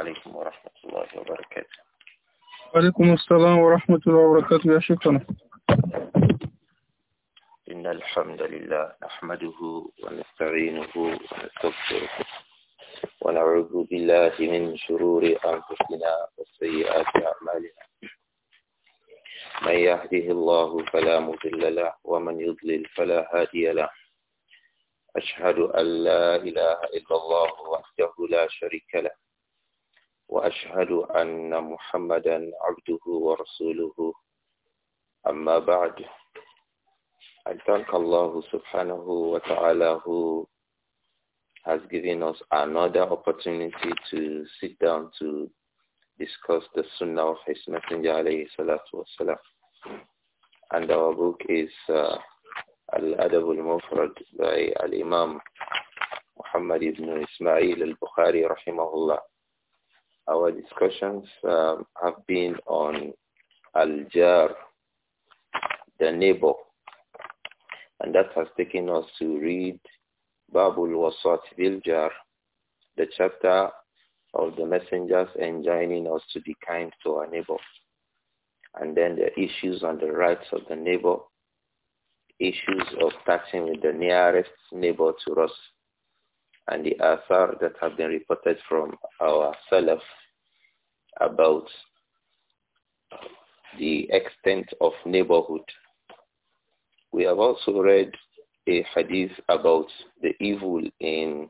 عليكم ورحمة الله وبركاته وعليكم السلام ورحمة الله وبركاته يا شيخنا إن الحمد لله نحمده ونستعينه ونستغفره ونعوذ بالله من شرور أنفسنا وسيئات أعمالنا من يهده الله فلا مضل له ومن يضلل فلا هادي له أشهد أن لا إله إلا الله وحده لا شريك له وأشهد أن محمدا عبده ورسوله أما بعد I thank Allah subhanahu wa ta'ala who has given us another opportunity to sit down to discuss the Sunnah of His Messenger alayhi salatu wasalam. And our book is uh, Al-Adab al-Mufrad by Al-Imam Muhammad ibn Ismail al-Bukhari rahimahullah. Our discussions um, have been on Al-Jar, the neighbor. And that has taken us to read Babul Wasat bil the chapter of the messengers enjoining us to be kind to our neighbor. And then the issues on the rights of the neighbor, issues of touching with the nearest neighbor to us, and the author that have been reported from our selves about the extent of neighborhood. We have also read a hadith about the evil in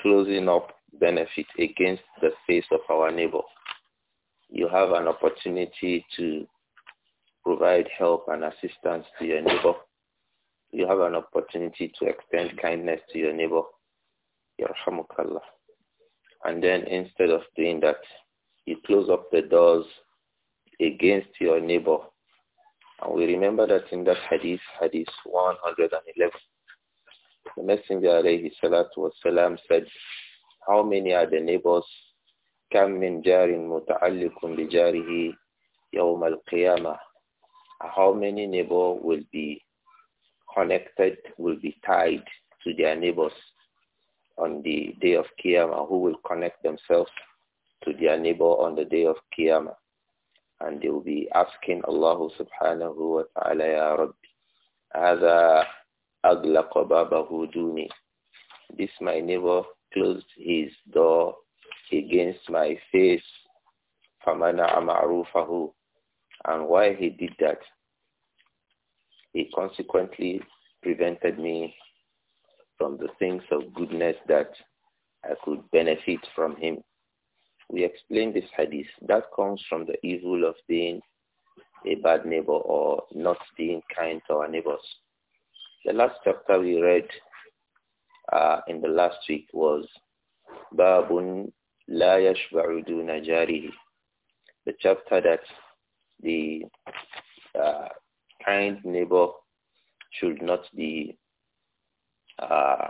closing up benefit against the face of our neighbor. You have an opportunity to provide help and assistance to your neighbor. You have an opportunity to extend kindness to your neighbor. And then instead of doing that, you close up the doors against your neighbor. And we remember that in that hadith, hadith 111. The Messenger alayhi salatu wasalam said, how many are the neighbors? كم من جار متعلق بجاره يوم القيامة How many neighbor will be connected, will be tied to their neighbors on the day of Qiyamah, who will connect themselves to their neighbor on the day of Qiyamah. And they will be asking Allah subhanahu wa ta'ala, Ya Rabbi, هذا أغلق بابه دوني. This my neighbor closed his door against my face. فمنع معروفه. And why he did that? He consequently prevented me from the things of goodness that I could benefit from him we explained this hadith. That comes from the evil of being a bad neighbor or not being kind to our neighbors. The last chapter we read uh, in the last week was Babun La Yashba'u najari." the chapter that the uh, kind neighbor should not be uh,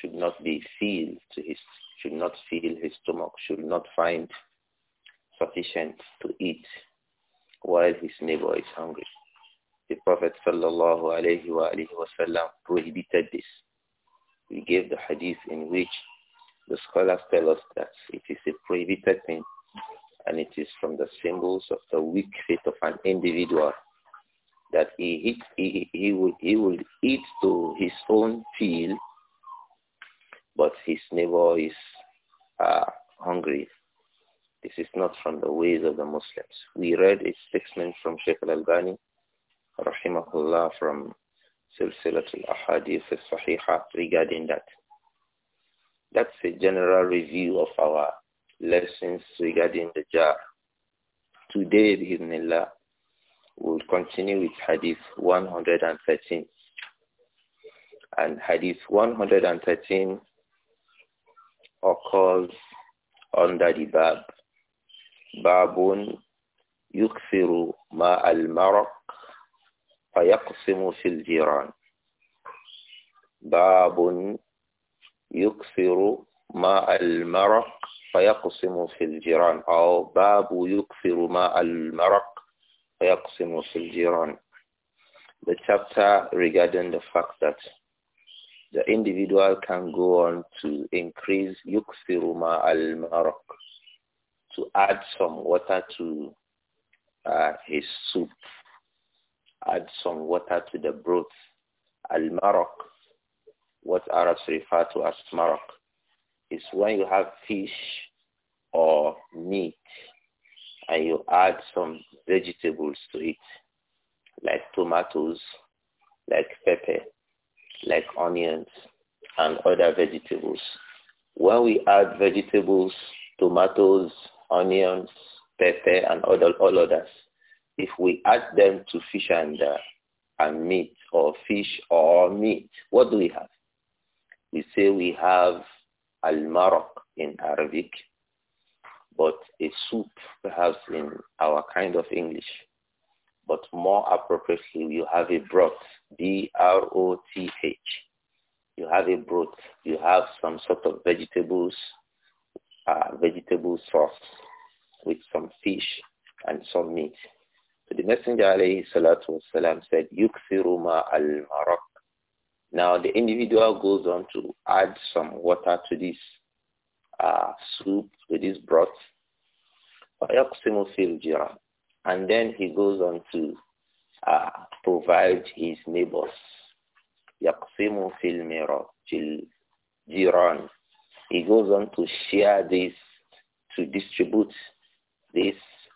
should not be sealed to his should not fill his stomach, should not find sufficient to eat while his neighbor is hungry. The Prophet sallallahu alayhi wa alayhi prohibited this. We gave the hadith in which the scholars tell us that it is a prohibited thing and it is from the symbols of the weak faith of an individual that he, he, he, will, he will eat to his own field but his neighbor is uh, hungry. This is not from the ways of the Muslims. We read a statement from Sheikh Al-Ghani, rahimahullah, from Silsilat al-Ahadith al-Sahihah regarding that. That's a general review of our lessons regarding the jar. Today, bismillah, we'll continue with Hadith 113. And Hadith 113 occurs under the verb babun yukfiru ma al marak fayaqsimu fil jiran babun yukfiru ma al marak fayaqsimu fil jiran aw babu yukfiru ma al marak fayaqsimu fil jiran the chapter regarding the fact that the individual can go on to increase yuksiruma al marok to add some water to uh, his soup, add some water to the broth. al marok, what Arabs refer to as marok, is when you have fish or meat and you add some vegetables to it, like tomatoes, like pepper, like onions and other vegetables. When we add vegetables, tomatoes, onions, pepper, and other, all others, if we add them to fish and, uh, and meat or fish or meat, what do we have? We say we have al marok in Arabic, but a soup perhaps in our kind of English. But more appropriately, you have a broth B-R-O-T-H. You have a broth. You have some sort of vegetables, uh, vegetable sauce with some fish and some meat. So the Messenger alayhi salatu wasalam said, Yuksiruma al-marak. Now the individual goes on to add some water to this uh, soup, to this broth. And then he goes on to uh, Provides his neighbors. يقسم في الميراث الجيران. He goes on to share this, to distribute this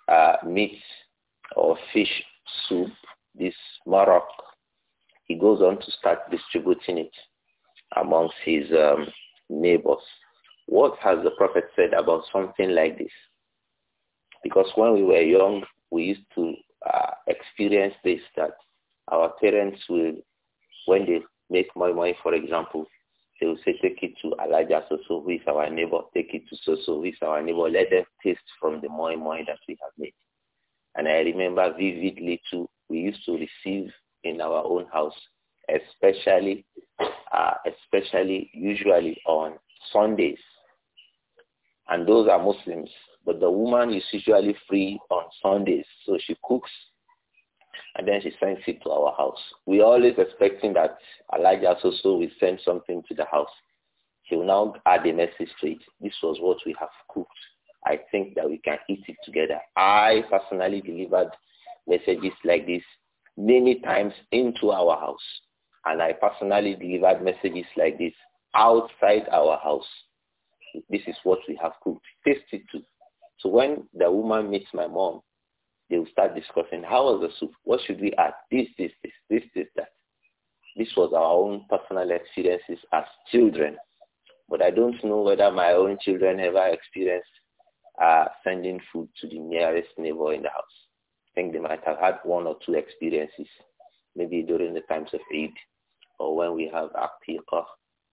uh, meat or fish soup, this marok. He goes on to start distributing it amongst his um, neighbors. What has the Prophet said about something like this? Because when we were young, we used to uh, experience this, that our parents will, when they make money, for example, they will say, take it to Elijah Soso, who is our neighbor. Take it to Soso, who is our neighbor. Let them taste from the money money that we have made. And I remember vividly too, we used to receive in our own house, especially, uh, especially usually on Sundays. And those are Muslims. But the woman is usually free on Sundays. So she cooks and then she sends it to our house. We're always expecting that Elijah Soso will send something to the house. She will now add a message to it. This was what we have cooked. I think that we can eat it together. I personally delivered messages like this many times into our house. And I personally delivered messages like this outside our house. This is what we have cooked. Taste it too. So when the woman meets my mom, they will start discussing how was the soup? What should we add? This, this, this, this, this, that. This was our own personal experiences as children. But I don't know whether my own children ever experienced uh, sending food to the nearest neighbor in the house. I think they might have had one or two experiences, maybe during the times of Eid or when we have Aqiqah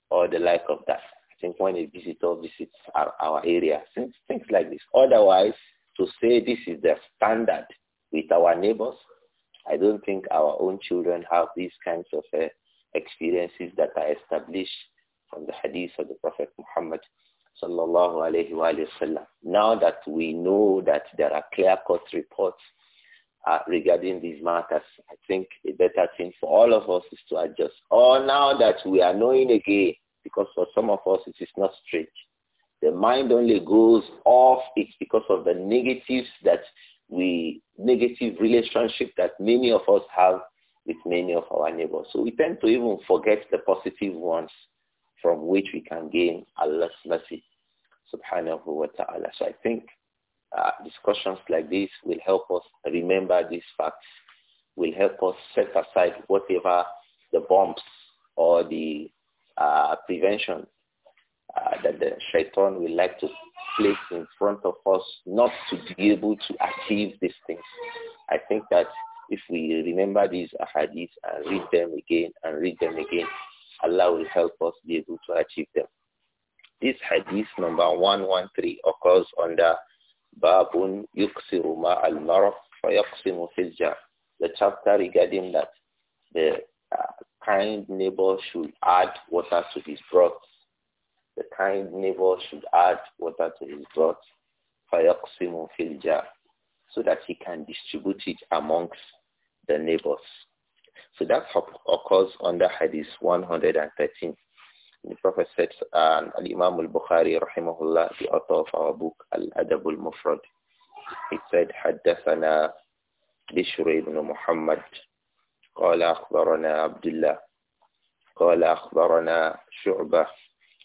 or the like of that. I think when a visitor visits our, our area, things, things like this. Otherwise, to say this is the standard with our neighbors, I don't think our own children have these kinds of uh, experiences that are established from the hadith of the Prophet Muhammad sallallahu alaihi wasallam. Now that we know that there are clear-cut reports uh, regarding these matters, I think a better thing for all of us is to adjust. Or now that we are knowing again, because for some of us it is not strange. The mind only goes off. It's because of the negatives that we, negative relationship that many of us have with many of our neighbors. So we tend to even forget the positive ones from which we can gain Allah's mercy, subhanahu wa ta'ala. So I think uh, discussions like this will help us remember these facts, will help us set aside whatever the bumps or the uh, prevention uh, that the shaitan will like to place in front of us not to be able to achieve these things. I think that if we remember these ahadith and read them again and read them again, Allah will help us be able to achieve them. This hadith number 113 occurs under Babun Yuksiru al Maraf Fayaqsimu the chapter regarding that the uh, kind neighbor should add water to his broth the kind neighbor should add water to his broth, so that he can distribute it amongst the neighbors. So that occurs under Hadith 113. The Prophet said, and uh, Al-Imam al-Bukhari, rahimahullah, the author of our book, Al-Adab al-Mufrad, he said, حدثنا بشر بن محمد قال أخبرنا عبد الله قال أخبرنا شعبة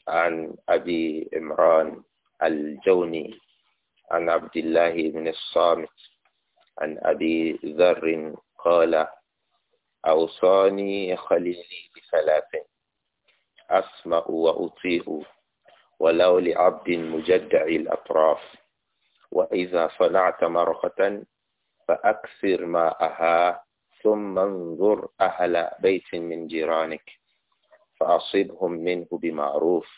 عن أبي إمران الجوني عن عبد الله بن الصامت عن أبي ذر قال أوصاني خليلي بثلاث أسمع وأطيع ولو لعبد مجدع الأطراف وإذا صنعت مرقة فأكثر ماءها ثم انظر أهل بيت من جيرانك فأصبهم منه بمعروف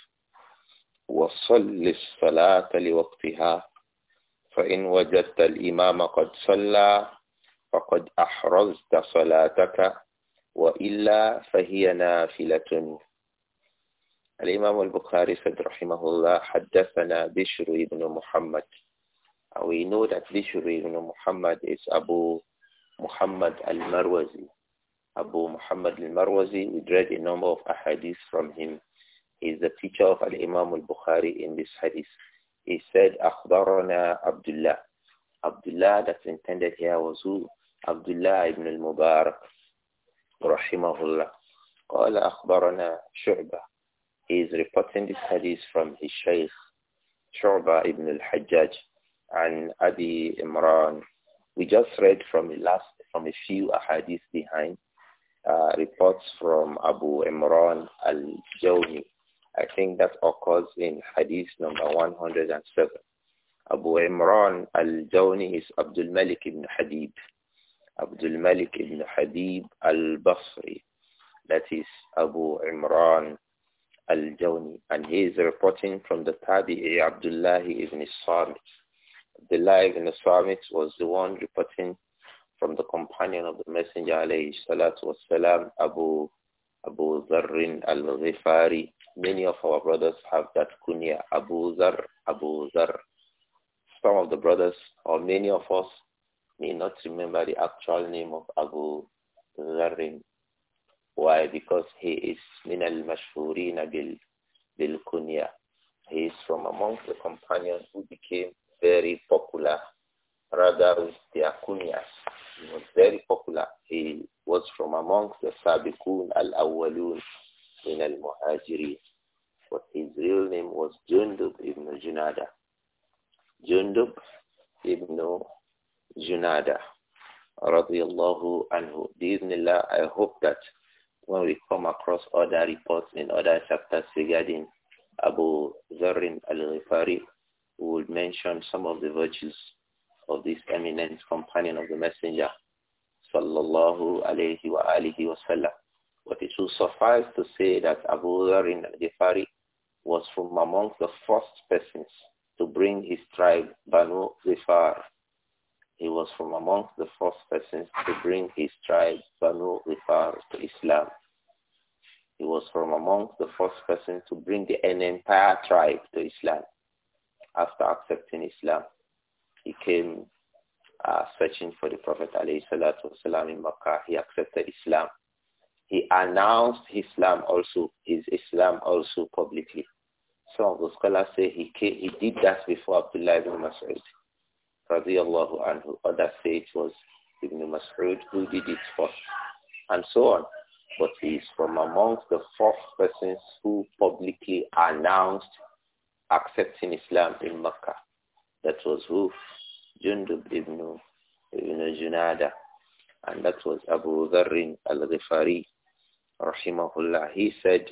وصل الصلاة لوقتها فإن وجدت الإمام قد صلى فقد أحرزت صلاتك وإلا فهي نافلة الإمام البخاري said رحمه الله حدثنا بشر بن محمد and we know that Bishri ibn Muhammad is Abu Muhammad al-Marwazi Abu Muhammad al-Marwazi. We read a number of ahadith from him. He is the teacher of al-Imam al-Bukhari in this hadith. He said, أخبرنا Abdullah. Abdullah that's intended here was who? Abdullah ibn al-Mubarak. رحمه الله. قال أخبرنا شعبة. He is reporting this hadith from his shaykh, Shu'ba ibn al-Hajjaj, and Abi Imran. We just read from the last, from a few ahadith behind uh, reports from Abu Imran al-Jawni. I think that occurs in Hadith number 107. Abu Imran al-Jawni is Abdul Malik ibn Hadib. Abdul Malik ibn Hadib al-Basri. That is Abu Imran al-Jawni. And he is reporting from the Tabi'i Abdullah ibn Samit. Abdullah ibn Samit was the one reporting from the companion of the Messenger alayhi salatu wasalam, Abu, Abu Zarrin al-Ghifari. Many of our brothers have that kunya, Abu Zar, Abu Zar. Some of the brothers, or many of us, may not remember the actual name of Abu Zarrin. Why? Because he is min al-mashhurin bil, bil kunya. He is from amongst the companions who became very popular, rather with their kunyas very popular. He was from amongst the Sabiqun al-Awwalun in al-Muhajirin. But his real name was Jundub ibn Junada. Jundub ibn Junada. Radiallahu anhu. Bismillah, I hope that when we come across other reports in other chapters regarding Abu Zarin al-Ghifari, we would mention some of the virtues of this eminent companion of the messenger sallallahu alayhi wa alihi wa sallam. But it will suffice to say that Abu Dharin al-Ghifari was from among the first persons to bring his tribe Banu Ghifar. He was from among the first persons to bring his tribe Banu Ghifar to Islam. He was from among the first persons to bring the, an entire tribe to Islam after accepting Islam. He came uh, searching for the Prophet والسلام, in Makkah, he accepted Islam. He announced Islam also, his Islam also publicly. Some of the scholars say he, came, he did that before Abdullah ibn Mas'ud. Radiallahu anhu. Others say it was Ibn Mas'ud who did it first. And so on. But he is from amongst the fourth persons who publicly announced accepting Islam in Makkah. That was who? Jundub ibn, ibn Junada. And that was Abu Dharrin al-Ghifari, rahimahullah. He said,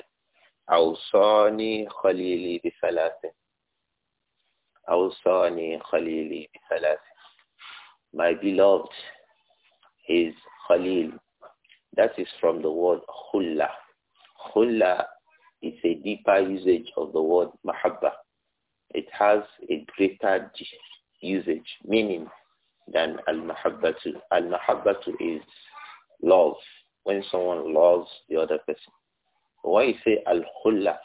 أوصاني خليلي بثلاث أوصاني خليلي بثلاث My beloved, is Khalil. That is from the word khulla. Khulla is a deeper usage of the word mahabba. It has a greater usage, meaning than al-mahabbatu. Al-mahabbatu is love, when someone loves the other person. when you say al-khulla,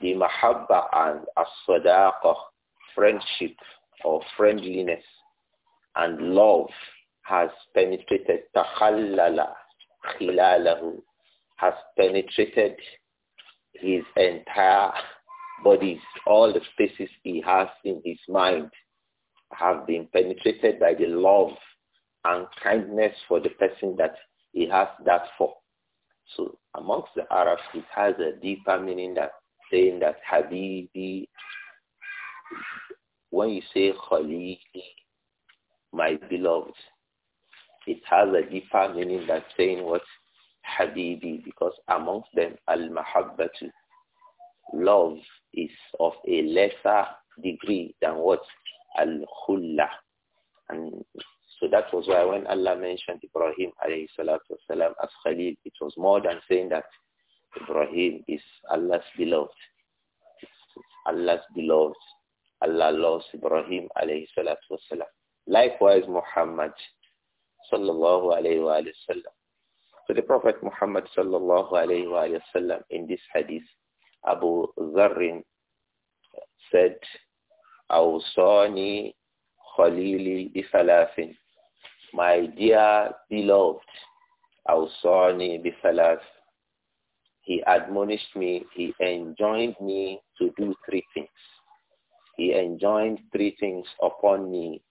the mahabba and as friendship or friendliness and love has penetrated takhallala khilalahu, has penetrated his entire bodies, all the spaces he has in his mind have been penetrated by the love and kindness for the person that he has that for. So amongst the Arabs, it has a deeper meaning that saying that Habibi, when you say Khalili, my beloved, it has a deeper meaning that saying what Habibi, because amongst them, Al-Mahabbatu, love is of a lesser degree than what al Khullah, And so that was why when Allah mentioned Ibrahim alayhi salatu wasalam as Khalil, it was more than saying that Ibrahim is Allah's beloved. Allah's beloved. Allah loves Ibrahim alayhi salatu wasalam. Likewise Muhammad sallallahu alayhi wa sallam. So the Prophet Muhammad sallallahu alayhi wa sallam in this hadith, Abu Zarrin said أوصاني خليلي بثلاث My dear beloved أوصاني بثلاث He admonished me, he enjoined me to do three things. He enjoined three things upon me.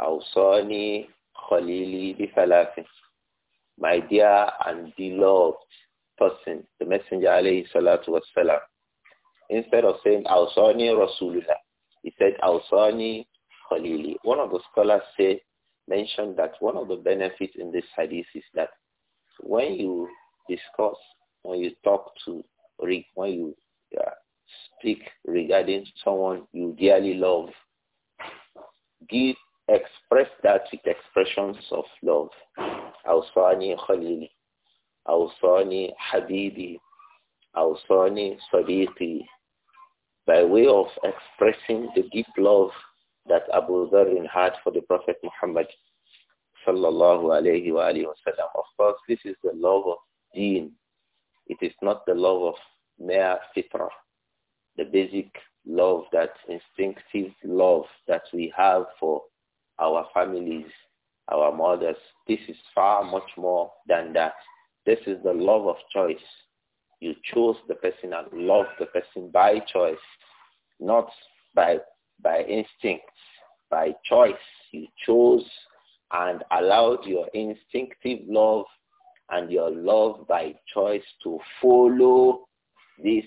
أوصاني خليلي بثلاث My dear and beloved person, the Messenger alayhi salatu wasalam. Instead of saying أوصاني رسول الله he said, "Ausani Khalili. One of the scholars say, mentioned that one of the benefits in this hadith is that when you discuss, when you talk to, when you uh, speak regarding someone you dearly love, give, express that with expressions of love. Ausani Khalili. Ausani Habibi. Ausani Sadiqi by way of expressing the deep love that Abu Zarin had for the Prophet Muhammad sallallahu alayhi wa alayhi Of course, this is the love of deen. It is not the love of mere fitra, the basic love, that instinctive love that we have for our families, our mothers. This is far much more than that. This is the love of choice. You chose the person and loved the person by choice not by, by instinct, by choice. You chose and allowed your instinctive love and your love by choice to follow this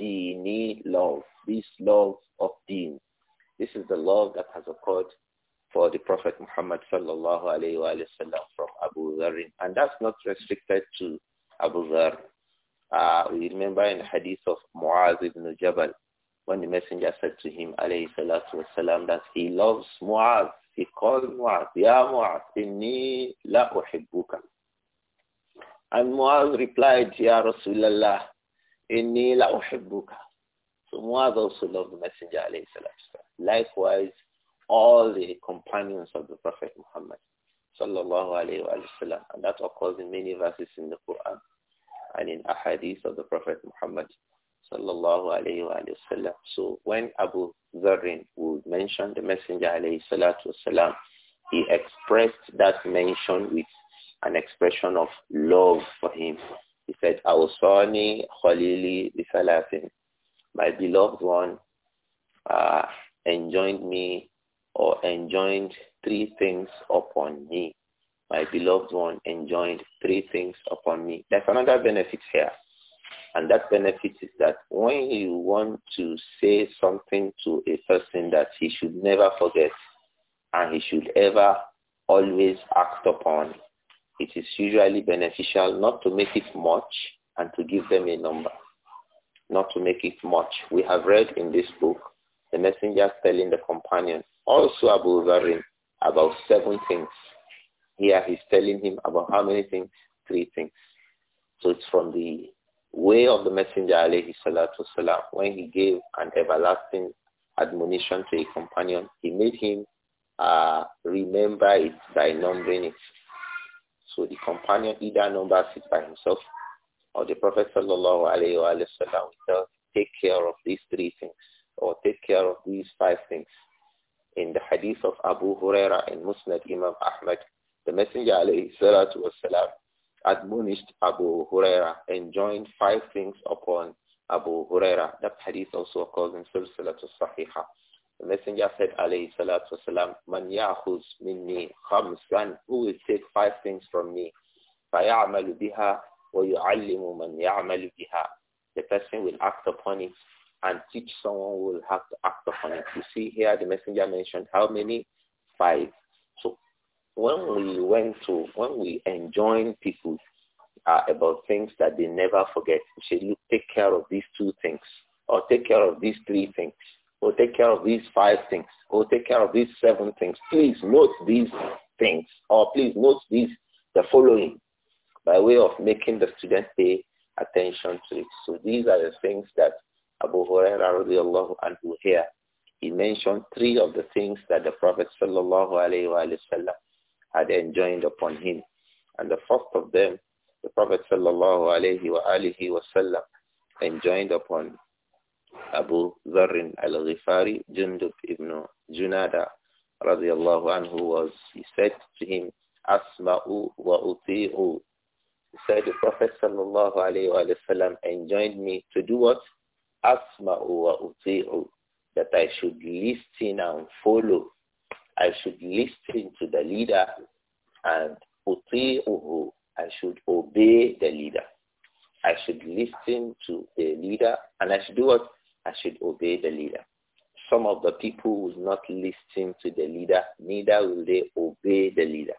dini love, this love of deen. This is the love that has occurred for the Prophet Muhammad sallallahu alayhi wa from Abu Dharr. And that's not restricted to Abu Dharr. Uh, we remember in the hadith of Muaz ibn Jabal when the messenger said to him, alayhi salatu wasalam, that he loves Mu'adh. He called Mu'adh, Ya Mu'adh, inni la uhibbuka. And Mu'adh replied, Ya Rasulallah, inni la uhibbuka. So Mu'adh also loved the messenger, alayhi salatu Likewise, all the companions of the Prophet Muhammad, sallallahu alayhi wa sallam. And that occurs in many verses in the Quran and in ahadith of the Prophet Muhammad, sallallahu alayhi wa sallam. So when Abu Zarin would mention the Messenger alayhi salatu wasalam, he expressed that mention with an expression of love for him. He said, Awsani Khalili Bisalatin. My beloved one uh, enjoined me or enjoined three things upon me. My beloved one enjoined three things upon me. There's another benefit here. And that benefit is that when you want to say something to a person that he should never forget and he should ever always act upon, it is usually beneficial not to make it much and to give them a number, not to make it much. We have read in this book the messenger telling the companion, also Abu about seven things. Here he's telling him about how many things? Three things. So it's from the way of the Messenger alayhi salatu salam, when he gave an everlasting admonition to a companion, he made him uh, remember it by numbering it. So the companion either numbers it by himself or the Prophet sallallahu alayhi wa sallam will take care of these three things or take care of these five things. In the hadith of Abu Huraira and Musnad Imam Ahmad, the Messenger alayhi salatu wasalam admonished Abu Huraira, enjoined five things upon Abu Huraira. That hadith also occurs in to Sahiha. The messenger said, alayhi salatu wasalam, man ya'khuz minni khamsan, who will take five things from me, فَيَعْمَلُ بِهَا وَيُعَلِّمُ مَنْ يَعْمَلُ بِهَا The person will act upon it and teach someone who will have to act upon it. You see here, the messenger mentioned how many? Five when we went to, when we enjoin people uh, about things that they never forget, we say, look, take care of these two things, or take care of these three things, or take care of these five things, or take care of these seven things. Please note these things, or please note these, the following, by way of making the student pay attention to it. So these are the things that Abu Huraira radiallahu anhu here. He mentioned three of the things that the Prophet sallallahu alayhi wa sallam had enjoined upon him. And the first of them, the Prophet sallallahu alayhi wa alihi wasallam enjoined upon Abu Zarrin al-Ghifari, Jundub ibn Junada radiallahu anhu was, he said to him, Asma'u wa uti'u. He said, the Prophet sallallahu alayhi wa sallam enjoined me to do what? Asma'u wa uti'u. That I should listen and follow. I should listen to the leader and I should obey the leader. I should listen to the leader and I should do what? I should obey the leader. Some of the people will not listen to the leader, neither will they obey the leader.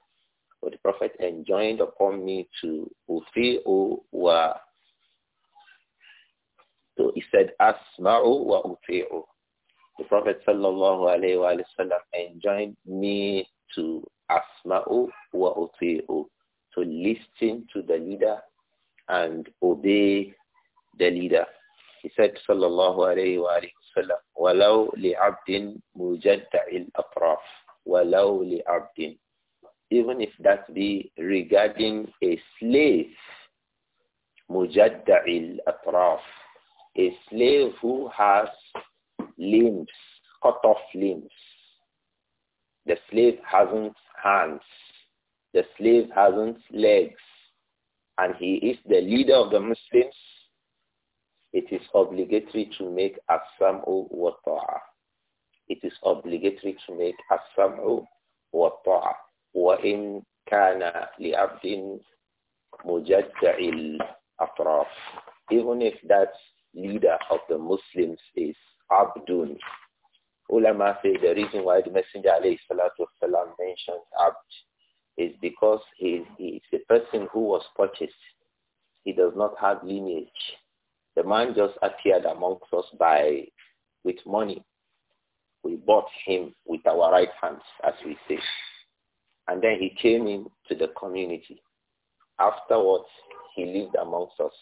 But the Prophet enjoined upon me to uti'u wa. So he said, asma'u wa uti'u. The Prophet sallallahu alayhi wa sallam enjoined me to asma'u wa uti'u, to listen to the leader and obey the leader. He said sallallahu alayhi wa sallam, walau li'abdin mujadda'il atraf, walau li'abdin. Even if that be regarding a slave, mujadda'il atraf, a slave who has limbs, cut off limbs. The slave hasn't hands. The slave hasn't legs. And he is the leader of the Muslims. It is obligatory to make as-sam'u wa ta'a. It is obligatory to make as wa ta'a. Wa in kana abdin mujadda'il atraf. Even if that leader of the Muslims is Abdun. Ulama say the reason why the Messenger alayhi salatu mentioned Abd is because he, he is the person who was purchased. He does not have lineage. The man just appeared amongst us by with money. We bought him with our right hands, as we say. And then he came into the community. Afterwards, he lived amongst us.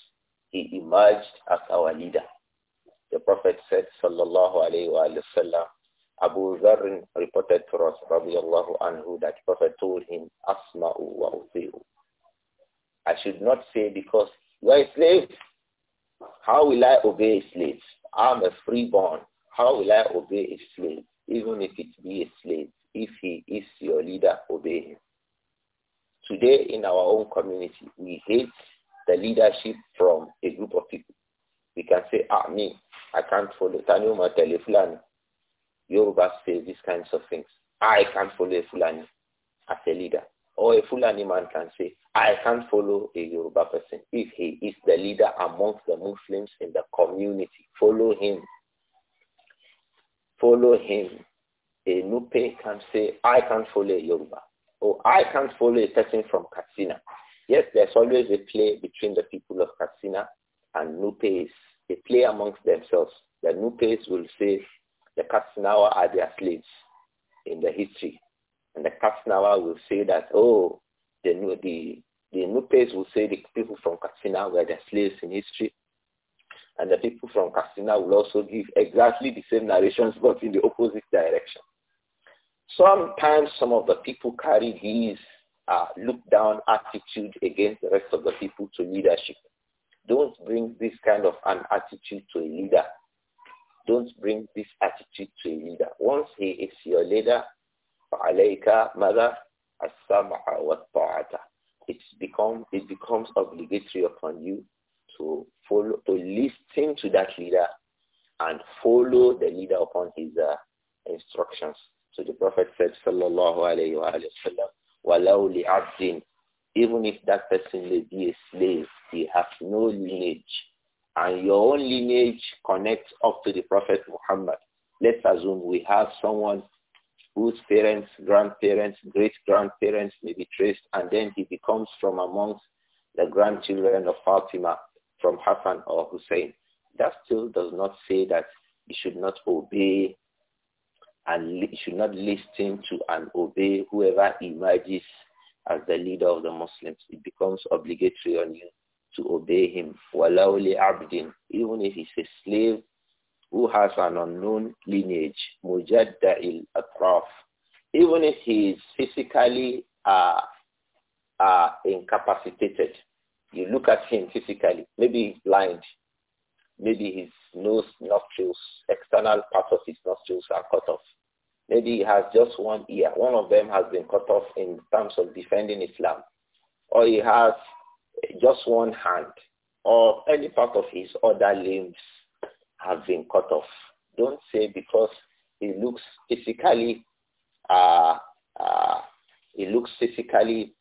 He emerged as our leader. The Prophet said, sallallahu alayhi wa sallam, Abu Dharr reported to us, anhu, that the Prophet told him, asma'u wa uti'u. I should not say because you are a slave. How will I obey a slave? I'm a freeborn. How will I obey a slave? Even if it be a slave, if he is your leader, obey him. Today in our own community, we hate the leadership from a group of people. We can say, ah, me, I can't follow Tanyuma Telefulani. Yoruba say these kinds of things. I can't follow a Fulani as a leader. Or a Fulani man can say, I can't follow a Yoruba person. If he is the leader amongst the Muslims in the community, follow him. Follow him. A Nupe can say, I can't follow a Yoruba. Or I can't follow a person from Katsina. Yes, there's always a play between the people of Katsina and Nupes, they play amongst themselves. The Nupes will say the Kasnawa are their slaves in the history. And the Kasnawa will say that, oh, the, the, the Nupes will say the people from Katsina were their slaves in history. And the people from Katsina will also give exactly the same narrations, but in the opposite direction. Sometimes some of the people carry these uh, look-down attitude against the rest of the people to leadership. Don't bring this kind of an attitude to a leader. Don't bring this attitude to a leader. Once he is your leader, فَعَلَيْكَ مَذَا السَّمْعَ وَالطَّاعَةَ it's become, it becomes obligatory upon you to follow, to listen to that leader and follow the leader upon his uh, instructions. So the Prophet said, sallallahu alayhi wa sallam, وَلَوْ لِعَبْدٍ even if that person may be a slave, he has no lineage. And your own lineage connects up to the Prophet Muhammad. Let's assume we have someone whose parents, grandparents, great-grandparents may be traced, and then he becomes from amongst the grandchildren of Fatima, from Hassan or Hussein. That still does not say that he should not obey and should not listen to and obey whoever emerges as the leader of the Muslims. It becomes obligatory on you to obey him. Walauli abdin, even if he's a slave who has an unknown lineage, mujadda'il atraf, even if he is physically uh, uh, incapacitated. You look at him physically, maybe he's blind, maybe his nose nostrils, external part of his nostrils are cut off. Maybe he has just one ear. One of them has been cut off in terms of defending Islam. Or he has just one hand. Or any part of his other limbs have been cut off. Don't say because he looks physically, uh, uh, he looks physically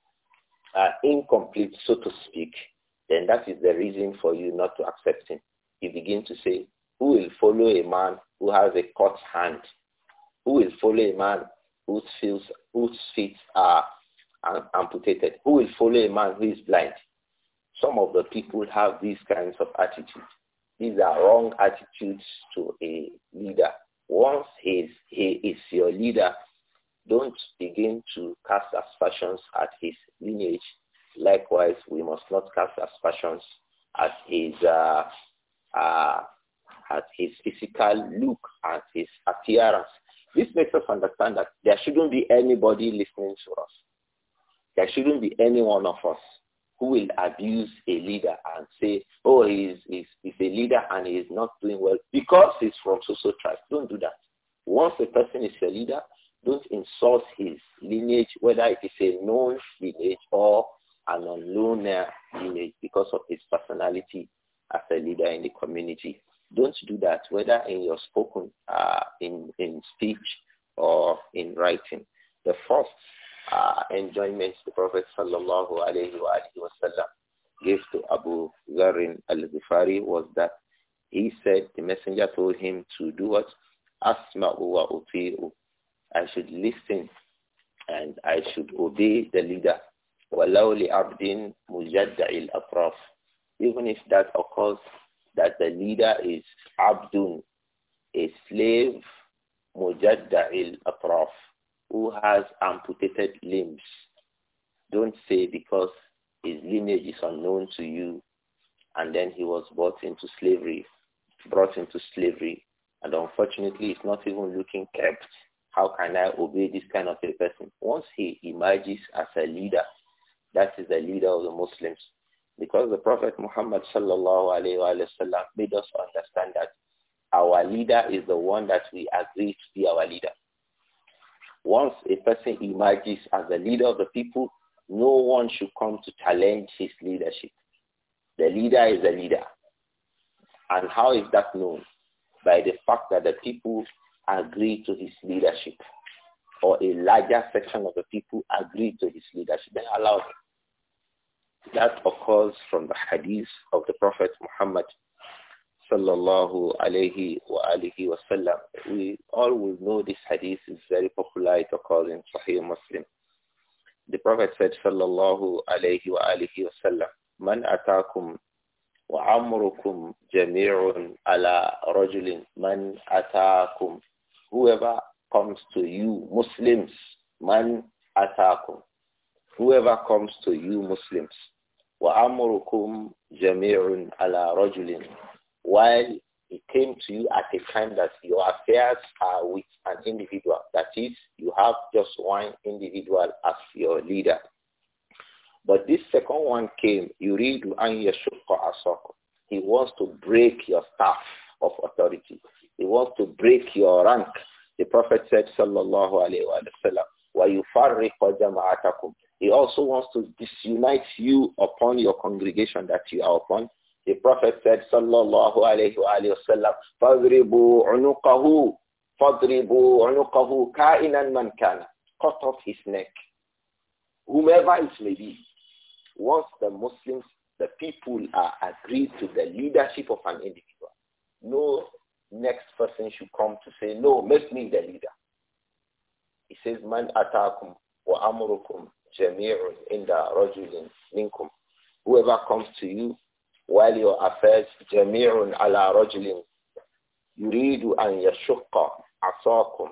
uh, incomplete, so to speak, then that is the reason for you not to accept him. You begin to say, who will follow a man who has a cut hand? Who will follow a man whose feet, whose feet are amputated? Who will follow a man who is blind? Some of the people have these kinds of attitudes. These are wrong attitudes to a leader. Once he is, he is your leader, don't begin to cast aspersions at his lineage. Likewise, we must not cast aspersions at his uh, uh, at his physical look, at his appearance. This makes us understand that there shouldn't be anybody listening to us. There shouldn't be any one of us who will abuse a leader and say, oh, he's, he's, he's a leader and he's not doing well because he's from social tribe. Don't do that. Once a person is a leader, don't insult his lineage, whether it is a known lineage or an unknown uh, lineage because of his personality as a leader in the community. Don't do that, whether in your spoken, uh, in, in speech or in writing. The first uh, enjoyment the Prophet sallallahu wa gave to Abu Zarin al-Ghifari was that he said, the messenger told him to do what? wa uti'u. I should listen and I should obey the leader. Even if that occurs that the leader is Abdun, a slave, Mujadda'il prof, who has amputated limbs. Don't say because his lineage is unknown to you and then he was brought into slavery, brought into slavery, and unfortunately it's not even looking kept. How can I obey this kind of a person? Once he emerges as a leader, that is the leader of the Muslims, because the Prophet Muhammad sallallahu alayhi wa made us understand that our leader is the one that we agree to be our leader. Once a person emerges as the leader of the people, no one should come to challenge his leadership. The leader is the leader. And how is that known? By the fact that the people agree to his leadership or a larger section of the people agree to his leadership. Then allow him. That occurs from the hadith of the Prophet Muhammad sallallahu alayhi wa alihi wa sallam. We all will know this hadith is very popular. It occurs in Sahih Muslim. The Prophet said sallallahu alayhi wa alihi wa sallam, Man atakum wa amrukum jami'un ala rajulin man atakum. Whoever comes to you, Muslims, man atakum. Whoever comes to you, Muslims, وَأَمْرُكُمْ جَمِيعٌ عَلَى رَجُلٍ While he came to you at a time that your affairs are with an individual. That is, you have just one individual as your leader. But this second one came, يُرِيدُ أَنْ يَشُقَّ أَصَقُ He wants to break your staff of authority. He wants to break your rank. The Prophet said, sallallahu alayhi wa sallam, وَيُفَرِّقَ جَمَعَتَكُمْ he also wants to disunite you upon your congregation that you are upon. The Prophet said, Sallallahu alayhi wa fadribu wa sallam, فَاضْرِبُوا kainan man kana, Cut off his neck. Whomever it may be. Once the Muslims, the people are agreed to the leadership of an individual, no next person should come to say, no, make me the leader. He says, man atakum wa amrukum Jami'un inda rajulin minkum. Whoever comes to you while your affairs, Jami'un ala rajulin, yuridu an yashukka asakum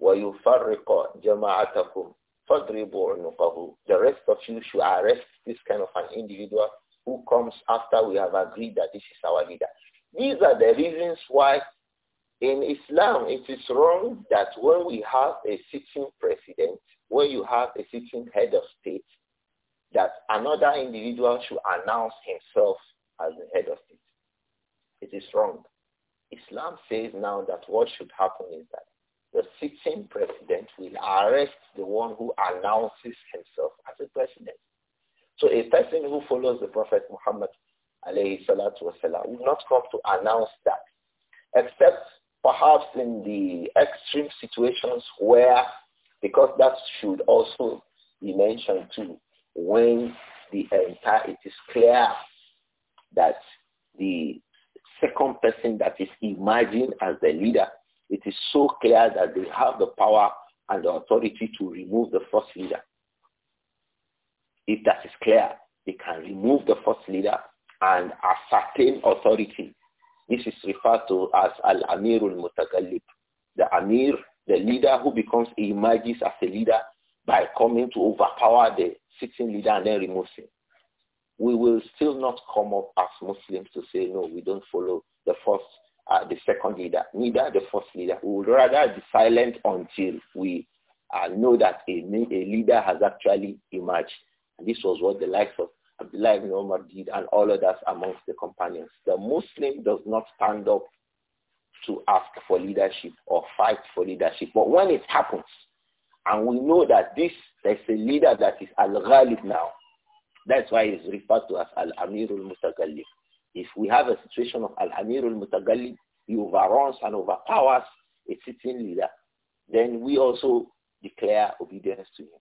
wa yufarriqa jama'atakum fadribu unuqahu. The rest of you should arrest this kind of an individual who comes after we have agreed that this is our leader. These are the reasons why in Islam, it is wrong that when we have a sitting president, when you have a sitting head of state, that another individual should announce himself as the head of state. It is wrong. Islam says now that what should happen is that the sitting president will arrest the one who announces himself as a president. So a person who follows the Prophet Muhammad alayhi salatu will not come to announce that, except perhaps in the extreme situations where because that should also be mentioned too when the entire, it is clear that the second person that is imagined as the leader, it is so clear that they have the power and the authority to remove the first leader. If that is clear, they can remove the first leader and ascertain authority. This is referred to as al-amirul mutagallib, the amir the leader who becomes emerges as a leader by coming to overpower the sitting leader and then removes him. We will still not come up as Muslims to say, no, we don't follow the first, uh, the second leader, neither the first leader. We would rather be silent until we uh, know that a, a leader has actually emerged. And this was what the likes of Abdullah ibn Omar did and all others amongst the companions. The Muslim does not stand up to ask for leadership or fight for leadership. But when it happens, and we know that this, there's a leader that is al-ghalib now. That's why he's referred to as al-amirul mutagallib. If we have a situation of al-amirul mutagallib, he overruns and overpowers a sitting leader, then we also declare obedience to him,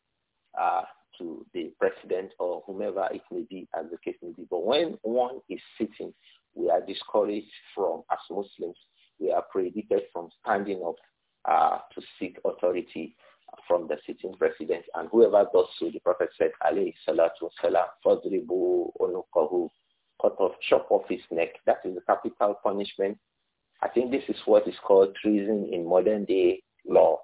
uh, to the president or whomever it may be as the case may be. But when one is sitting, we are discouraged from, as Muslims, we are prohibited from standing up uh, to seek authority from the sitting president. And whoever does so, the Prophet said, Ali salatu wasalam, fadribu onukahu, cut off, chop off his neck. That is the capital punishment. I think this is what is called treason in modern day law.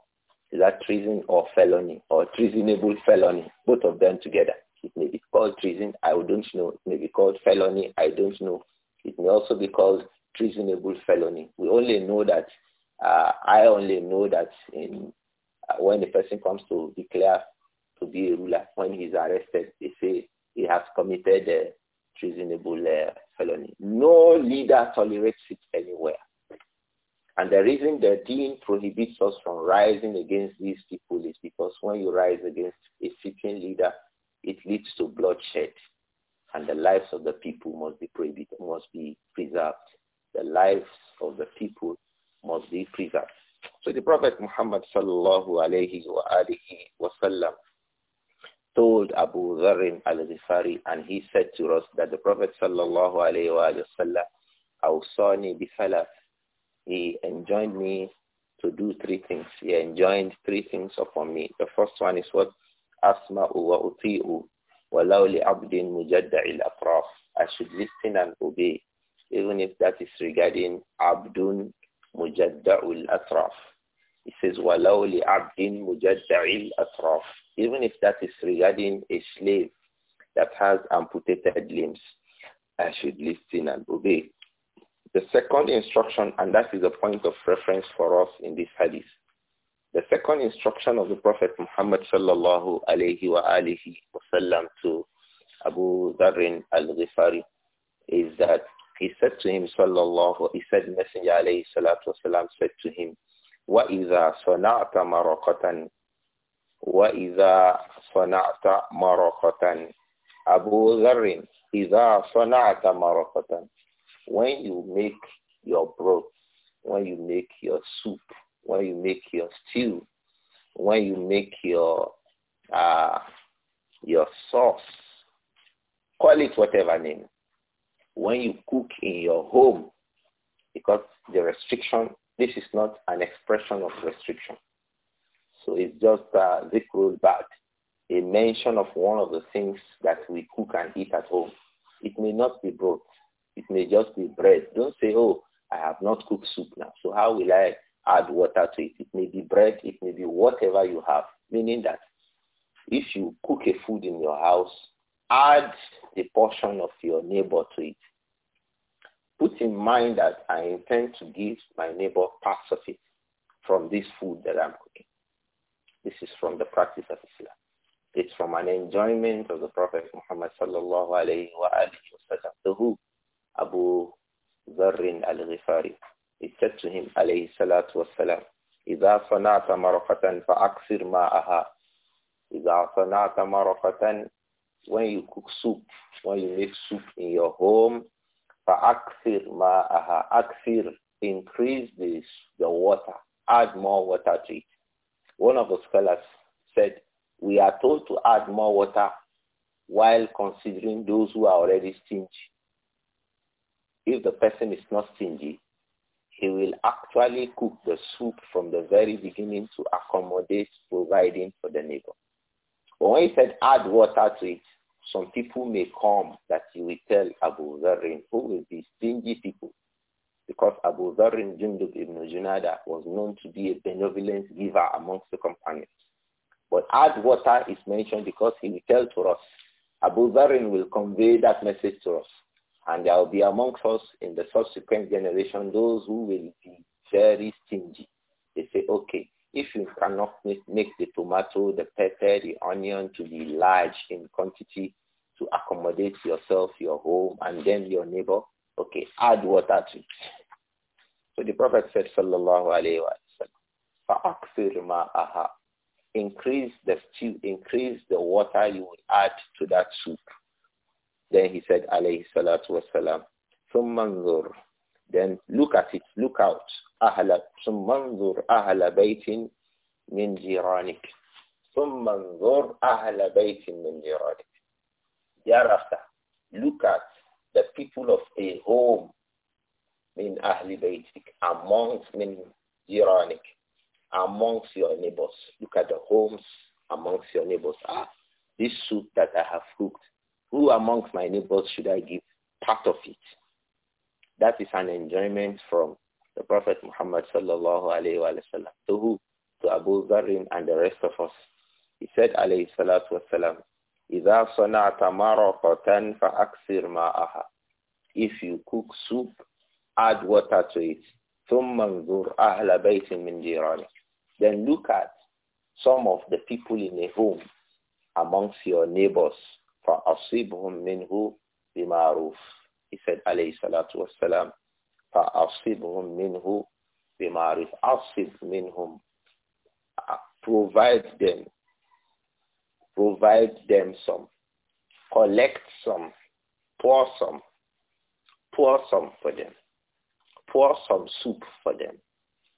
Is that treason or felony or treasonable felony? Both of them together. It may be called treason, I don't know. It may be called felony, I don't know. It may also be called treasonable felony. We only know that, uh, I only know that in, uh, when a person comes to declare to be a ruler, when he's arrested, they say he has committed a treasonable uh, felony. No leader tolerates it anywhere. And the reason the dean prohibits us from rising against these people is because when you rise against a sitting leader, it leads to bloodshed and the lives of the people must be prohibited, must be preserved the lives of the people must be preserved. So the Prophet Muhammad sallallahu alayhi wa alihi told Abu Dharr al-Ghifari and he said to us that the Prophet sallallahu alayhi wa sallam awsani bi He enjoined me to do three things. He enjoined three things upon me. The first one is what? Asma'u wa uti'u wa abdin mujadda'il I should listen and obey even if that is regarding Abdun Mujadda'ul Atraf. It says, وَلَوْ لِعَبْدٍ مُجَدَّعِ الْأَطْرَافِ Even if that is regarding a slave that has amputated limbs, I should listen and obey. The second instruction, and that is a point of reference for us in this hadith, the second instruction of the Prophet Muhammad sallallahu alayhi wa alihi wasallam to Abu Dharrin al-Ghifari is that he said to him, sallallahu, he said, Messenger alayhi salatu wasalam said to him, وَإِذَا صَنَعْتَ مَرَقَةً وَإِذَا صَنَعْتَ مَرَقَةً Abu Dharrin, إِذَا صَنَعْتَ مَرَقَةً When you make your broth, when you make your soup, when you make your stew, when you make your uh, your sauce, call it whatever name when you cook in your home, because the restriction, this is not an expression of restriction. So it's just uh, zikrul but a mention of one of the things that we cook and eat at home. It may not be broth. It may just be bread. Don't say, oh, I have not cooked soup now. So how will I add water to it? It may be bread. It may be whatever you have. Meaning that if you cook a food in your house add the portion of your neighbor to it. Put in mind that I intend to give my neighbor parts of it from this food that I'm cooking. This is from the practice of Islam. It's from an enjoyment of the Prophet Muhammad sallallahu alayhi wa alihi wa Abu Zarrin al-Ghifari. He said to him alayhi salatu wa salam, إِذَا صَنَعْتَ مَرَقَةً فَأَكْسِرْ أَهَا إِذَا صَنَعْتَ مَرَقَةً when you cook soup, when you make soup in your home, فَأَكْثِرْ مَاءَهَا أَكْثِرْ Increase this, the water. Add more water to it. One of the scholars said, we are told to add more water while considering those who are already stingy. If the person is not stingy, he will actually cook the soup from the very beginning to accommodate providing for the neighbor. But when he said add water to it, some people may come that you will tell Abu Zarin who will be stingy people. Because Abu Zarin Jundub ibn Junada was known to be a benevolent giver amongst the companions. But add water is mentioned because he will tell to us. Abu Zarin will convey that message to us. And there will be amongst us in the subsequent generation those who will be very stingy. They say, okay, if you cannot make the tomato, the pepper, the onion to be large in quantity to accommodate yourself, your home, and then your neighbor, okay, add water to it. So the Prophet said, sallallahu alayhi wa sallam, increase the stew, increase the water you will add to that soup. Then he said, alayhi salatu wasalam, then look at it, look out. أهل ثم انظر أهل بيت من جيرانك ثم انظر أهل بيت من جيرانك Thereafter, look at the people of a home من أهل بيتك amongst من جيرانك amongst your neighbors. Look at the homes amongst your neighbors. Ah, this soup that I have cooked, who amongst my neighbors should I give part of it? That is an enjoyment from the Prophet Muhammad sallallahu alayhi wa sallam. To who? To Abu Zarin and the rest of us. He said alayhi salatu wa sallam, إِذَا صَنَعْتَ مَرَقَةً فَأَكْسِرْ مَاءَهَا If you cook soup, add water to it. ثُمَّ انْظُرْ أَهْلَ بَيْتٍ مِنْ جِيرَانِكَ Then look at some of the people in a home amongst your neighbors. فَأَصِبْهُمْ مِنْهُ بِمَعْرُوفٍ He said alayhi salatu wa sallam, فَأَصِبْهُمْ مِنْهُ بِمَعْرِفْ أَصِبْ مِنْهُمْ Provide them. Provide them some. Collect some. Pour some. Pour some for them. Pour some soup for them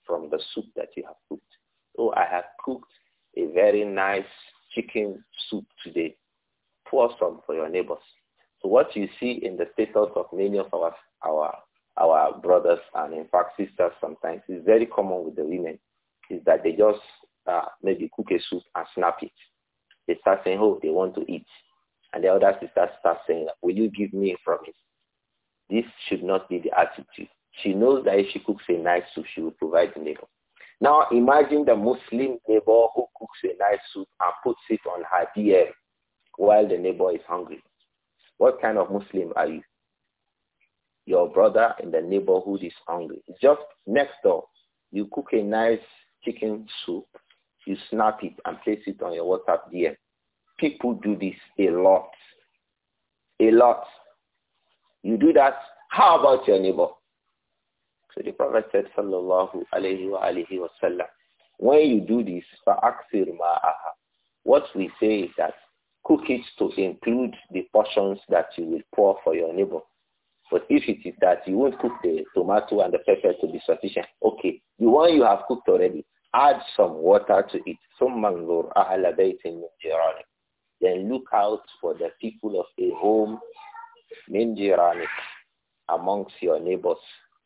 from the soup that you have cooked. Oh, I have cooked a very nice chicken soup today. Pour some for your neighbors. So what you see in the status of many of our, our our brothers and in fact sisters sometimes is very common with the women is that they just uh, maybe cook a soup and snap it. They start saying, oh, they want to eat. And the other sister starts saying, will you give me from it? This should not be the attitude. She knows that if she cooks a nice soup, she will provide the meal. Now imagine the Muslim neighbor who cooks a nice soup and puts it on her DM while the neighbor is hungry. What kind of Muslim are you? Your brother in the neighborhood is hungry. Just next door, you cook a nice chicken soup, you snap it and place it on your WhatsApp DM. People do this a lot. A lot. You do that, how about your neighbor? So the Prophet said, Sallallahu alayhi wa alayhi when you do this, What we say is that cook it to include the portions that you will pour for your neighbor. But if it is that you won't cook the tomato and the pepper to be sufficient, okay, the one you have cooked already, add some water to it. Then look out for the people of a home, Minjirani, amongst your neighbors.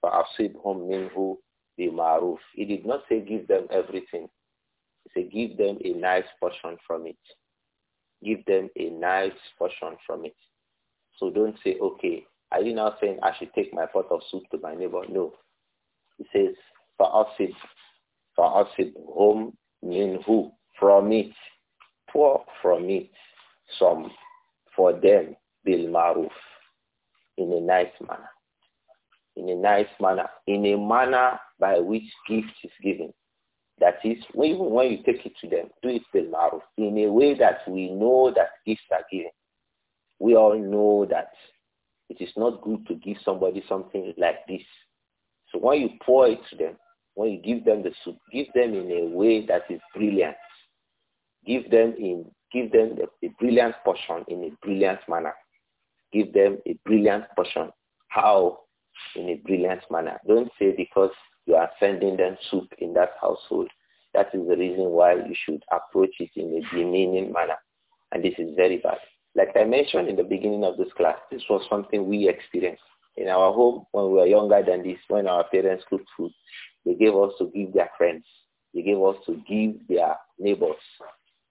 minhu bimaruf. He did not say give them everything. He said give them a nice portion from it. Give them a nice portion from it. So don't say, okay, are you now saying I should take my pot of soup to my neighbor? No. He says, fa'asib, fa'asib mean who from it. Pour from it some for them bil maruf, in a nice manner. In a nice manner. In a manner by which gift is given. That is, even when you take it to them, do it bil maruf, in a way that we know that gifts are given. We all know that it is not good to give somebody something like this. So when you pour it to them, when you give them the soup, give them in a way that is brilliant. Give them in, give them a, a brilliant portion in a brilliant manner. Give them a brilliant portion. How? In a brilliant manner. Don't say because you are sending them soup in that household. That is the reason why you should approach it in a demeaning manner. And this is very bad. Like I mentioned in the beginning of this class, this was something we experienced. In our home, when we were younger than this, when our parents cooked food, they gave us to give their friends. They gave us to give their neighbors.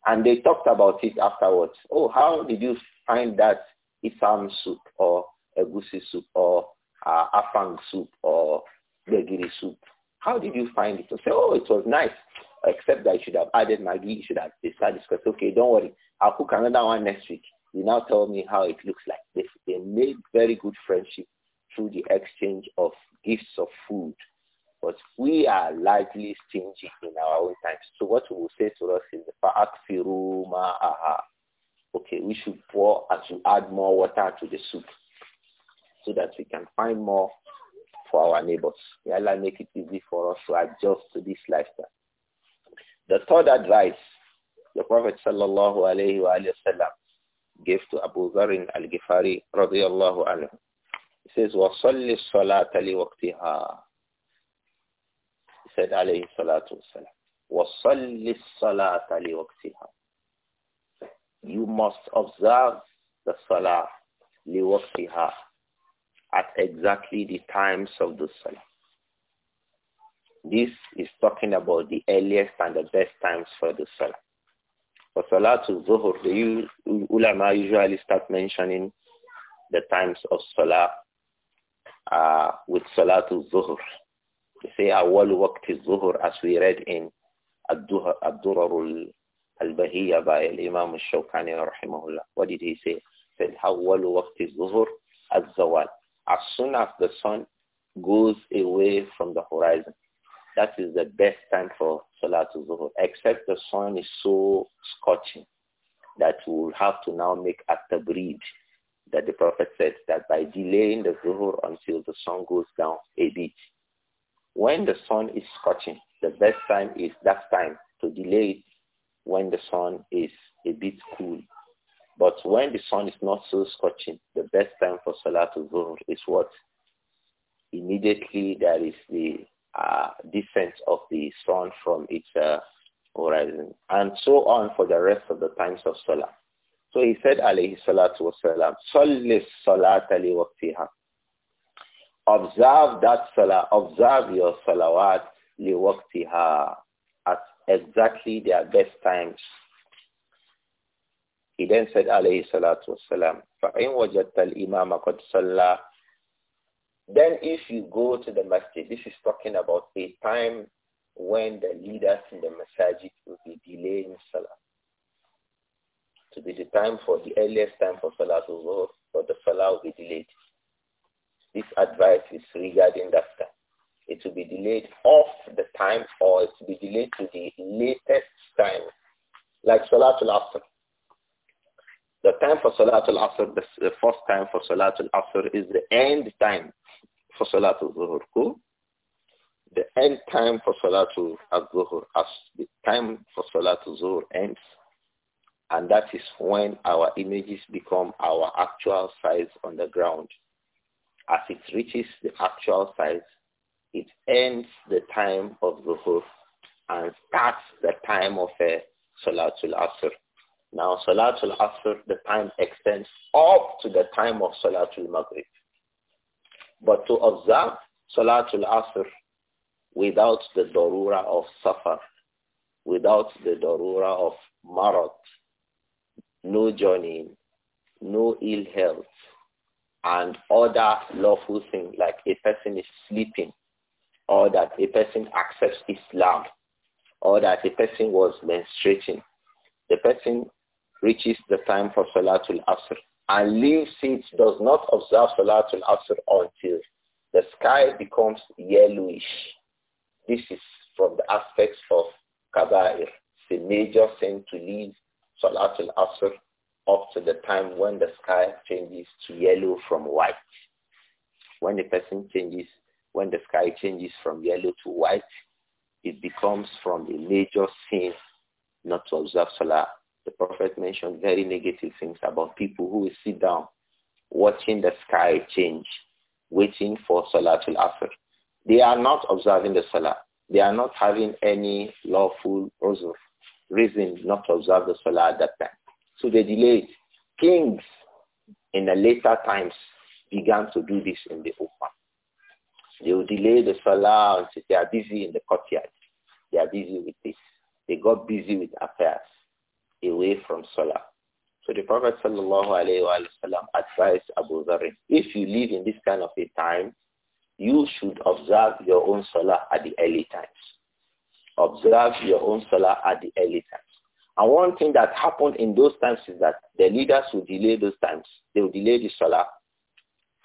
And they talked about it afterwards. Oh, how did you find that Isam soup or egusi soup or uh, afang soup or begiri soup? How did you find it? I say, oh, it was nice, except that you should have added Maggi. You should have decided, okay, don't worry. I'll cook another one next week. You now tell me how it looks like. They, they made very good friendship through the exchange of gifts of food. But we are largely stingy in our own times. So what we will say to us is, Okay, we should pour and should add more water to the soup so that we can find more for our neighbors. May Allah make it easy for us to adjust to this lifestyle. The third advice, the Prophet sallallahu alayhi wa sallam gave to Abu Dharr al-Ghifari radiyallahu anhu. He says, وَصَلِّ الصَّلَاةَ لِوَقْتِهَا He said, alayhi salatu wasalam, وَصَلِّ الصَّلَاةَ لِوَقْتِهَا You must observe the salah لِوَقْتِهَا at exactly the times of the salah. This is talking about the earliest and the best times for the salah. For Salatul Zuhur, the ulama usually start mentioning the times of Salah uh, with Salatul Zuhur. They say awal waqti Zuhur as we read in Ad-Durarul Al-Bahiyya by Imam Al-Shawkani rahimahullah. What did he say? He said awal waqti Zuhur az-zawal. As soon as the sun goes away from the horizon. That is the best time for Salatul Zuhur, except the sun is so scorching that we will have to now make after breed that the Prophet said that by delaying the Zuhur until the sun goes down a bit, when the sun is scorching, the best time is that time to delay it when the sun is a bit cool. But when the sun is not so scorching, the best time for Salatul zuhur is what? Immediately there is the uh, distance of the sun from its uh, horizon, and so on for the rest of the times of Salah. So he said, alayhi salatu wasalam, salli salat li waqtiha. Observe that Salah, observe your Salawat li waqtiha at exactly their best times. He then said, alayhi salatu wasalam, فَإِنْ al الْإِمَامَ قَدْ صَلَّى then if you go to the masjid, this is talking about a time when the leaders in the masjid will be delaying salah. To be the time for the earliest time for salah to go, but the salah will be delayed. This advice is regarding that time. It will be delayed off the time or it will be delayed to the latest time, like Salatul Asr. The time for Salatul Asr, the first time for Salatul Asr is the end time for Salatul Zuhur. Cool? The end time for Salatul Zuhur, as the time for Salatul Zuhur ends, and that is when our images become our actual size on the ground. As it reaches the actual size, it ends the time of Zuhur and starts the time of uh, Salatul Asr. Now Salatul Asr, the time extends up to the time of Salatul Maghrib. But to observe Salatul Asr without the Darura of Safar, without the Darura of Marat, no joining, no ill health, and other lawful things like a person is sleeping, or that a person accepts Islam, or that a person was menstruating. The person reaches the time for Salatul Asr and leaves it, does not observe Salatul Asr until the sky becomes yellowish. This is from the aspects of Kabair. It's a major sin to leave Salatul Asr up to the time when the sky changes to yellow from white. When the person changes, when the sky changes from yellow to white, it becomes from a major sin not to observe Salah the Prophet mentioned very negative things about people who will sit down watching the sky change, waiting for to Asr. They are not observing the Salah. They are not having any lawful reason not to observe the Salah at that time. So they delayed. Kings in the later times began to do this in the open. They would delay the Salah until they are busy in the courtyard. They are busy with this. They got busy with affairs away from Salah. So the Prophet sallallahu advised Abu Dharr, if you live in this kind of a time, you should observe your own Salah at the early times. Observe your own Salah at the early times. And one thing that happened in those times is that the leaders will delay those times. They will delay the Salah.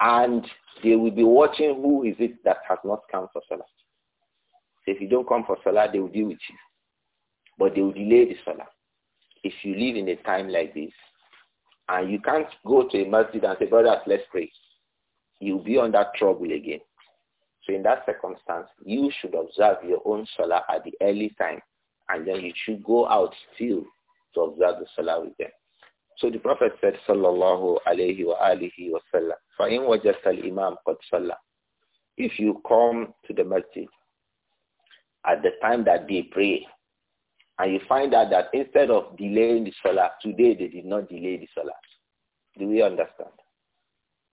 And they will be watching who is it that has not come for Salah. So if you don't come for Salah, they will deal with you. But they will delay the Salah if you live in a time like this, and you can't go to a masjid and say, brothers, let's pray, you'll be under trouble again. So in that circumstance, you should observe your own salah at the early time, and then you should go out still to observe the salah with them. So the Prophet said, sallallahu alayhi wa alihi wa sallam, فَإِنْ وَجَدْتَ الْإِمَامْ قَدْ صَلَّى If you come to the masjid at the time that they pray, and you find out that instead of delaying the salah, today they did not delay the salah. Do we understand?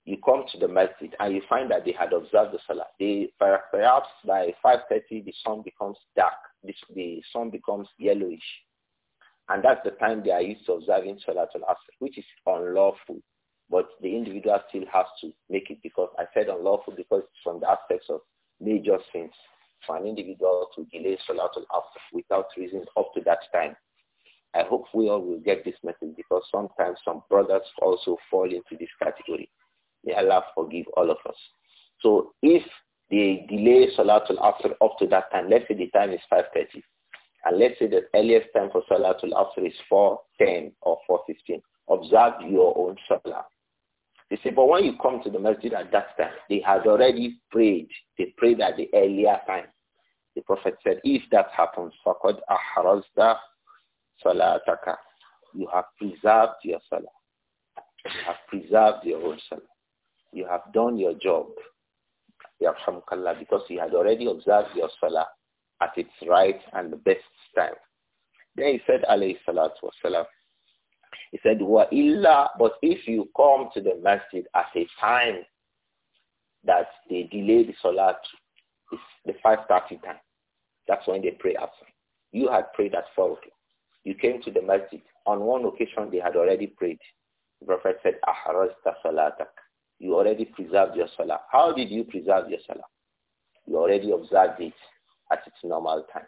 You come to the masjid and you find that they had observed the salah. They perhaps by 5:30 the sun becomes dark, the, the sun becomes yellowish, and that's the time they are used to observing at last, which is unlawful. But the individual still has to make it because I said unlawful because it's from the aspects of major sins for an individual to delay Salatul Asr without reason up to that time. I hope we all will get this message because sometimes some brothers also fall into this category. May Allah forgive all of us. So if they delay Salatul Asr up to that time, let's say the time is 5.30, and let's say the earliest time for Salatul Asr is 4.10 or 4.15, observe your own Salah. They say, but when you come to the masjid at that time, they had already prayed. They prayed at the earlier time. The Prophet said, if that happens, فَقَدْ أَحْرَزْتَ صَلَاتَكَ You have preserved your salah. You have preserved your own salah. You have done your job. because he had already observed your salah at its right and the best time. Then he said, alayhi salatu wasalam, he said, wa illa, but if you come to the masjid at a time that they delay the salat, it's the 5.30 time. That's when they pray absent. You had prayed at 4 o'clock. You came to the masjid. On one occasion, they had already prayed. The Prophet said, Aharasta salatak. You already preserved your salah. How did you preserve your salah? You already observed it at its normal time.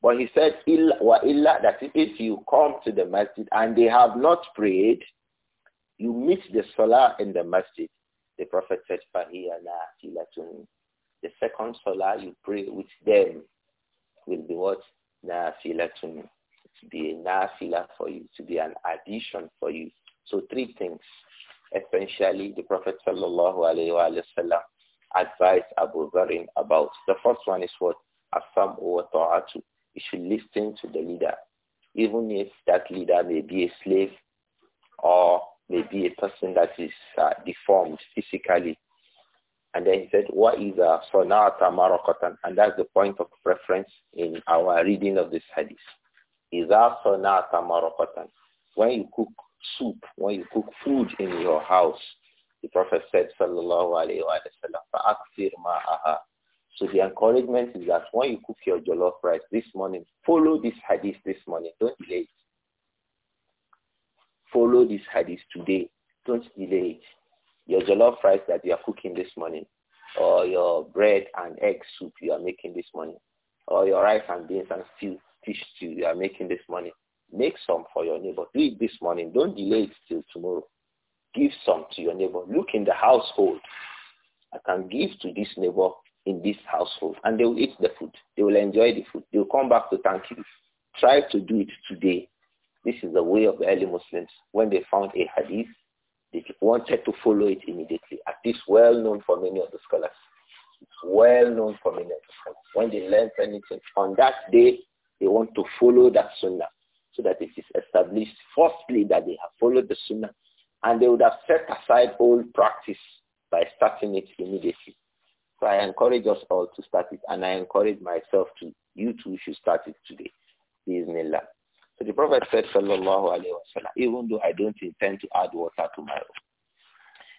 But he said, wa illa, that if you come to the masjid and they have not prayed, you miss the salah in the masjid. The Prophet said, Fahiya The second salah you pray with them will be what? Nafila to me. To be a nafila for you, to be an addition for you. So three things. Essentially, the Prophet sallallahu alaihi wasallam advised Abu Dharin about. The first one is what? Asam wa ta'atu. You should listen to the leader. Even if that leader may be a slave or may be a person that is uh, deformed physically, and then he said, "What is a sonata مَرَقَةً And that's the point of reference in our reading of this hadith. Is a sonata مَرَقَةً When you cook soup, when you cook food in your house, the Prophet said, sallallahu alayhi wa sallam, فَأَكْفِرْ مَعَهَا So the encouragement is that when you cook your jollof rice this morning, follow this hadith this morning. Don't delay it. Follow this hadith today. Don't delay it your jollof rice that you are cooking this morning, or your bread and egg soup you are making this morning, or your rice and beans and stew, fish stew you are making this morning. Make some for your neighbor. Do it this morning. Don't delay it till tomorrow. Give some to your neighbor. Look in the household. I can give to this neighbor in this household. And they will eat the food. They will enjoy the food. They will come back to thank you. Try to do it today. This is the way of the early Muslims. When they found a hadith they wanted to follow it immediately. At least well known for many of the scholars. It's well known for many of the scholars. When they learn anything on that day, they want to follow that sunnah so that it is established firstly that they have followed the sunnah and they would have set aside old practice by starting it immediately. So I encourage us all to start it and I encourage myself to you too should start it today. Bismillah. So the Prophet said, sallallahu alayhi Wasallam, even though I don't intend to add water to my room.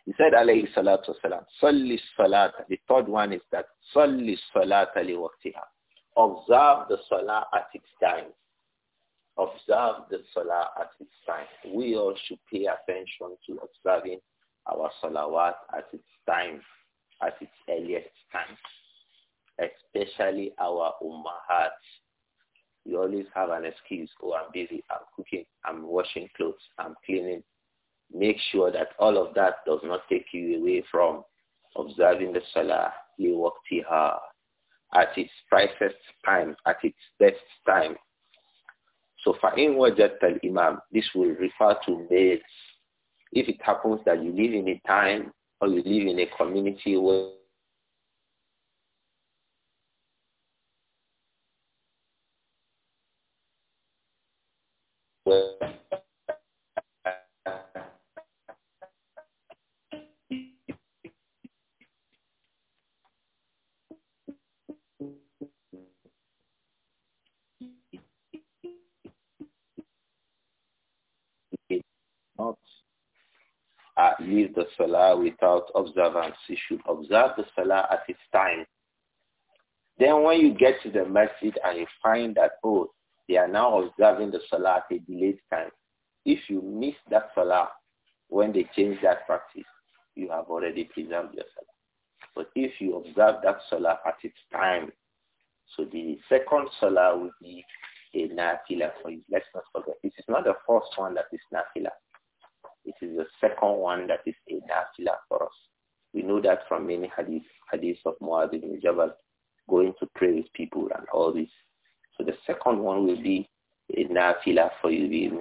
He said, alayhi salatu wasalam, salli The third one is that, salli salat li waqtiha. Observe the salah at its time. Observe the salah at its time. We all should pay attention to observing our salawat at its time, at its earliest time, especially our ummahats you always have an excuse. Oh, I'm busy. I'm cooking. I'm washing clothes. I'm cleaning. Make sure that all of that does not take you away from observing the Salah, hard. at its brightest time, at its best time. So fa'in wajat al-imam, this will refer to males. If it happens that you live in a time or you live in a community where with not leave the salah without observance. You should observe the salah at its time. Then when you get to the masjid and you find that, oh, they are now observing the salah at a delayed time. If you miss that salah when they change that practice, you have already preserved your salah. But if you observe that salah at its time, so the second salah will be a nafila for you. Let's not forget. This is not the first one that is nafila. It is the second one that is a nafila for us. We know that from many hadith, hadith of Muaz ibn Jabal, going to pray with people and all this. So the second one will be a nafila for you,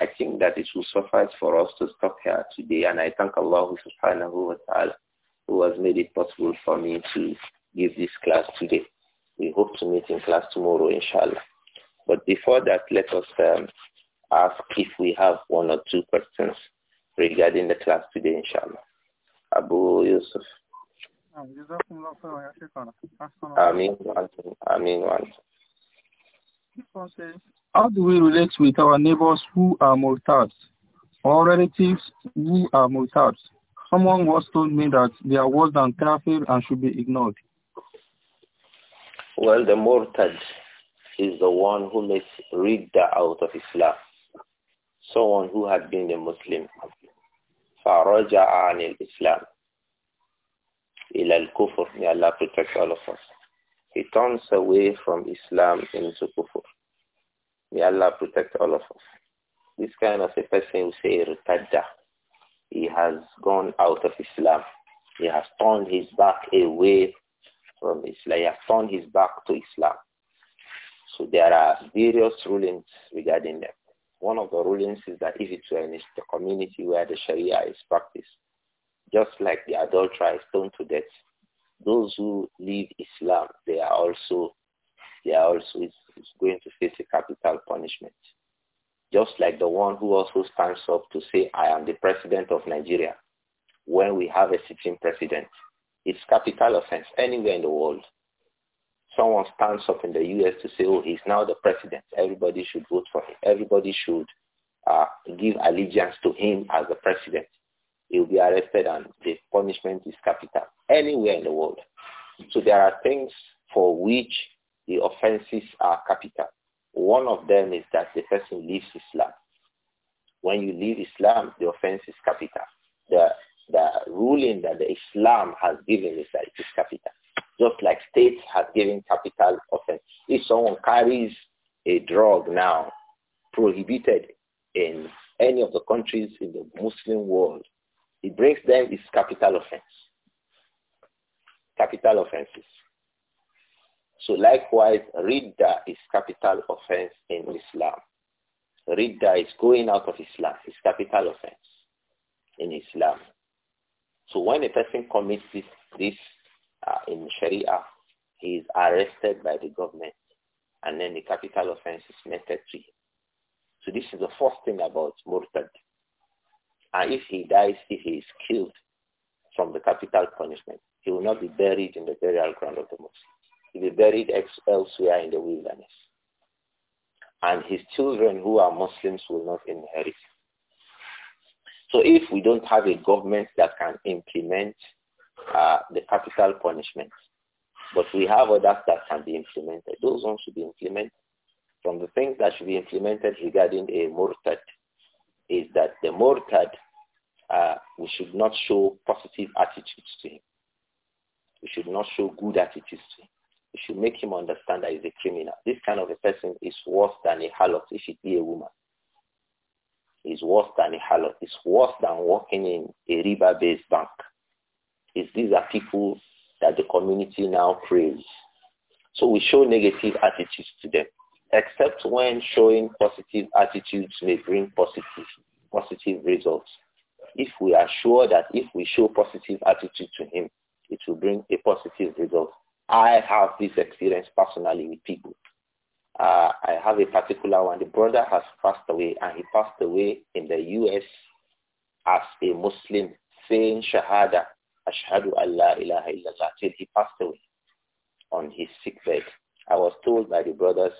I think that it will suffice for us to stop here today. And I thank Allah subhanahu wa ta'ala who has made it possible for me to give this class today. We hope to meet in class tomorrow, inshallah. But before that, let us um, ask if we have one or two questions regarding the class today, inshallah. Abu Yusuf. Amin. Amin. Process. How do we relate with our neighbors who are Murtads or relatives who are Murtads? Someone once told me that they are worse than kafir and should be ignored. Well, the Murtad is the one who makes ridda out of Islam. Someone who had been a Muslim. فَرَجَعَ عَنِ Islam. إِلَى الْكُفْرِ May Allah protect all of us. He turns away from Islam into kufr. May Allah protect all of us. This kind of a person will say, Rutadda. He has gone out of Islam. He has turned his back away from Islam. He has turned his back to Islam. So there are various rulings regarding them. One of the rulings is that if it's were in the community where the Sharia is practiced, just like the adulterer is stoned to death, those who leave Islam, they are also they are also is, is going to face a capital punishment. Just like the one who also stands up to say, I am the president of Nigeria when we have a sitting president. It's capital offense anywhere in the world. Someone stands up in the U.S. to say, oh, he's now the president. Everybody should vote for him. Everybody should uh, give allegiance to him as the president. He'll be arrested and the punishment is capital anywhere in the world. So there are things for which the offenses are capital. One of them is that the person leaves Islam. When you leave Islam, the offense is capital. The, the ruling that the Islam has given is that it is capital. Just like states have given capital offense. If someone carries a drug now prohibited in any of the countries in the Muslim world, it brings them is capital offense. Capital offenses. So likewise, Ridda is capital offense in Islam. Ridda is going out of Islam. It's capital offense in Islam. So when a person commits this, this uh, in Sharia, he is arrested by the government and then the capital offense is meted to him. So this is the first thing about Murtad. And if he dies, if he is killed from the capital punishment, he will not be buried in the burial ground of the Muslim he be buried elsewhere in the wilderness. And his children who are Muslims will not inherit. So if we don't have a government that can implement uh, the capital punishment, but we have others that can be implemented, those ones should be implemented. From the things that should be implemented regarding a murtad is that the murtad, uh, we should not show positive attitudes to him. We should not show good attitudes to him. You should make him understand that he's a criminal. This kind of a person is worse than a harlot if he be a woman. He's worse than a harlot. It's worse than working in a river-based bank. Is these are people that the community now craves. So we show negative attitudes to them, except when showing positive attitudes may bring positive, positive results. If we are sure that if we show positive attitude to him, it will bring a positive result. I have this experience personally with people. Uh, I have a particular one. The brother has passed away and he passed away in the U.S. as a Muslim saying Shahada, Ashhadu Allah ilaha illallah till he passed away on his sickbed. I was told by the brothers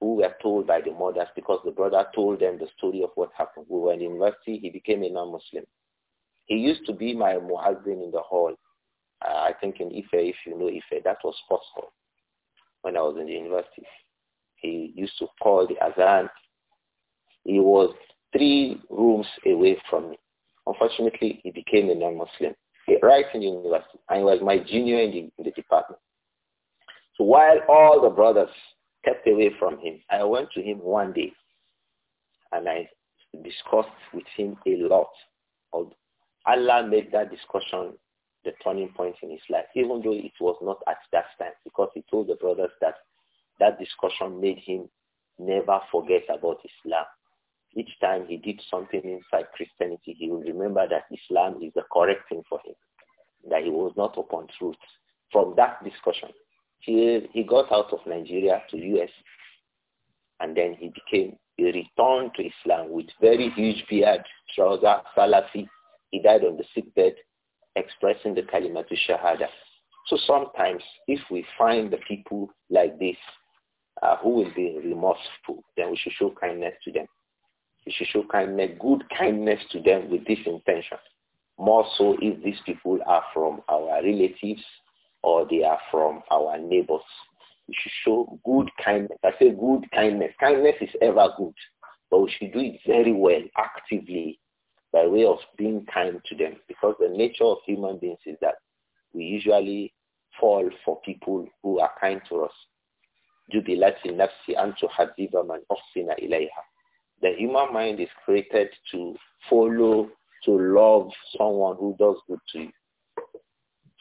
who were told by the mothers because the brother told them the story of what happened. We were in university. He became a non-Muslim. He used to be my muazzin in the hall. Uh, I think in Ife, if you know Ife, that was possible when I was in the university. He used to call the Azan. He was three rooms away from me. Unfortunately, he became a non-Muslim right in the university, and he was my junior in the, in the department. So while all the brothers kept away from him, I went to him one day, and I discussed with him a lot. Allah made that discussion the turning point in his life, even though it was not at that time, because he told the brothers that that discussion made him never forget about Islam. Each time he did something inside Christianity, he would remember that Islam is the correct thing for him, that he was not upon truth. From that discussion, he, he got out of Nigeria to US, and then he became, he returned to Islam with very huge beard, trousers, salafi. He died on the sickbed expressing the to shahada. So sometimes if we find the people like this uh, who will be remorseful, then we should show kindness to them. We should show kindness, good kindness to them with this intention. More so if these people are from our relatives or they are from our neighbors. We should show good kindness. I say good kindness. Kindness is ever good, but we should do it very well, actively, by way of being kind to them because the nature of human beings is that we usually fall for people who are kind to us. The human mind is created to follow, to love someone who does good to you.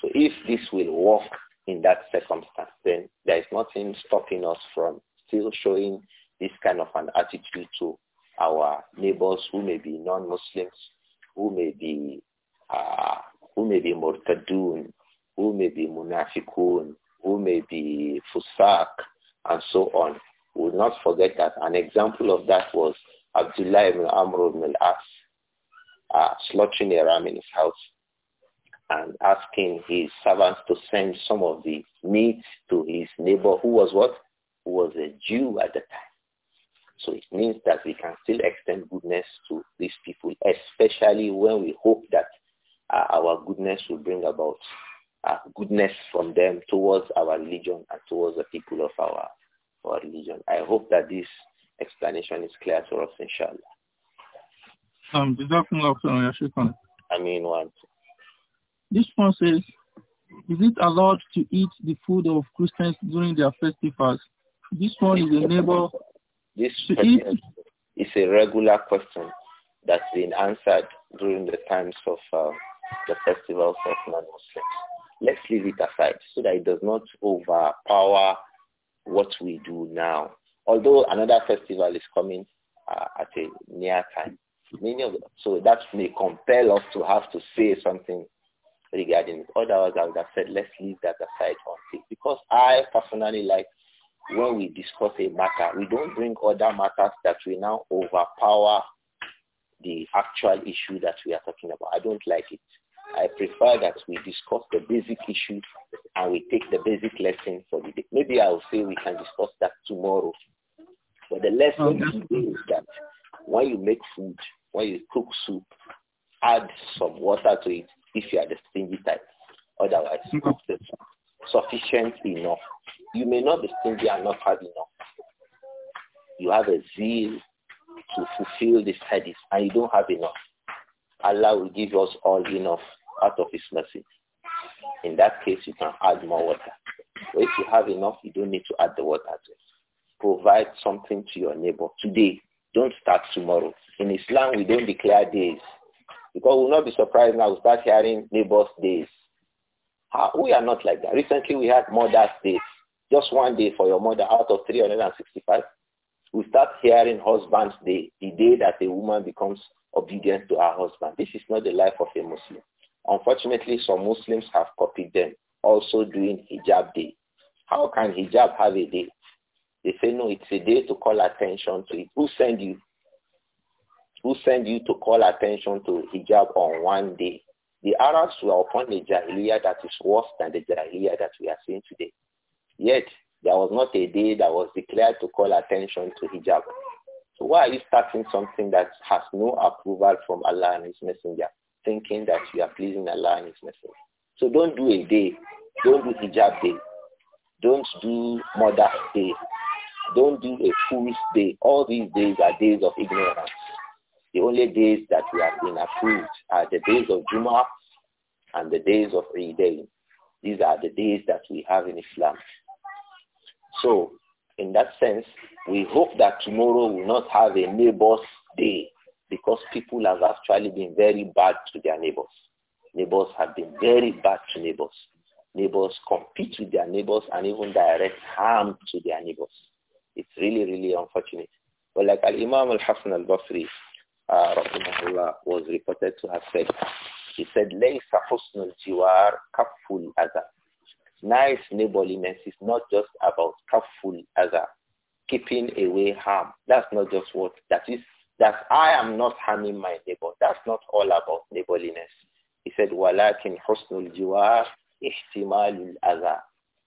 So if this will work in that circumstance, then there is nothing stopping us from still showing this kind of an attitude to our neighbors who may be non-Muslims, who may be uh, who may be murtadun, who may be munafiqun, who may be fusak, and so on. We will not forget that an example of that was Abdullah ibn Amr ibn al-As uh, slaughtering a ram in his house and asking his servants to send some of the meat to his neighbor who was what? Who was a Jew at the time. So it means that we can still extend goodness to these people, especially when we hope that uh, our goodness will bring about uh, goodness from them towards our religion and towards the people of our, our religion. I hope that this explanation is clear to us, inshallah. Um, I mean, what? This one says, is it allowed to eat the food of Christians during their festivals? This one is a neighbor this is a regular question that's been answered during the times of uh, the festivals of non-Muslims. Let's leave it aside so that it does not overpower what we do now. Although another festival is coming uh, at a near time. Many of, so that may compel us to have to say something regarding it. Otherwise, I would have said, let's leave that aside because I personally like when we discuss a matter, we don't bring other matters that will now overpower the actual issue that we are talking about. I don't like it. I prefer that we discuss the basic issue and we take the basic lesson for the day. Maybe I'll say we can discuss that tomorrow. But the lesson okay. is that when you make food, when you cook soup, add some water to it if you are the stingy type. Otherwise, sufficient enough you may not be stingy and not have enough. You have a zeal to fulfill this studies and you don't have enough. Allah will give us all enough out of his mercy. In that case, you can add more water. But if you have enough, you don't need to add the water to it. Provide something to your neighbor today. Don't start tomorrow. In Islam, we don't declare days. Because we'll not be surprised now we start hearing neighbor's days. Ah, we are not like that. Recently, we had mother's days. Just one day for your mother out of 365. We start hearing husband's day, the day that a woman becomes obedient to her husband. This is not the life of a Muslim. Unfortunately, some Muslims have copied them, also doing hijab day. How can hijab have a day? They say, no, it's a day to call attention to it. Who sent you? Who sent you to call attention to hijab on one day? The Arabs were upon the Jahiliyyah that is worse than the Jahiliyyah that we are seeing today. Yet, there was not a day that was declared to call attention to hijab. So why are you starting something that has no approval from Allah and His Messenger, thinking that you are pleasing Allah and His Messenger? So don't do a day. Don't do hijab day. Don't do mother's day. Don't do a fool's day. All these days are days of ignorance. The only days that we have been approved are the days of Jumu'ah and the days of Eid. These are the days that we have in Islam. So in that sense, we hope that tomorrow will not have a neighbor's day because people have actually been very bad to their neighbors. Neighbors have been very bad to neighbors. Neighbors compete with their neighbors and even direct harm to their neighbors. It's really, really unfortunate. But like Al-Imam al hassan Al-Basri, uh, was reported to have said, he said, لَيْسَ حُسْنُ الْجِوَارِ كَفُّ الْأَذَى Nice neighborliness is not just about kaful a keeping away harm. That's not just what, that is, that I am not harming my neighbor. That's not all about neighborliness. He said, walakin husnul jiwar ihtimalul aza.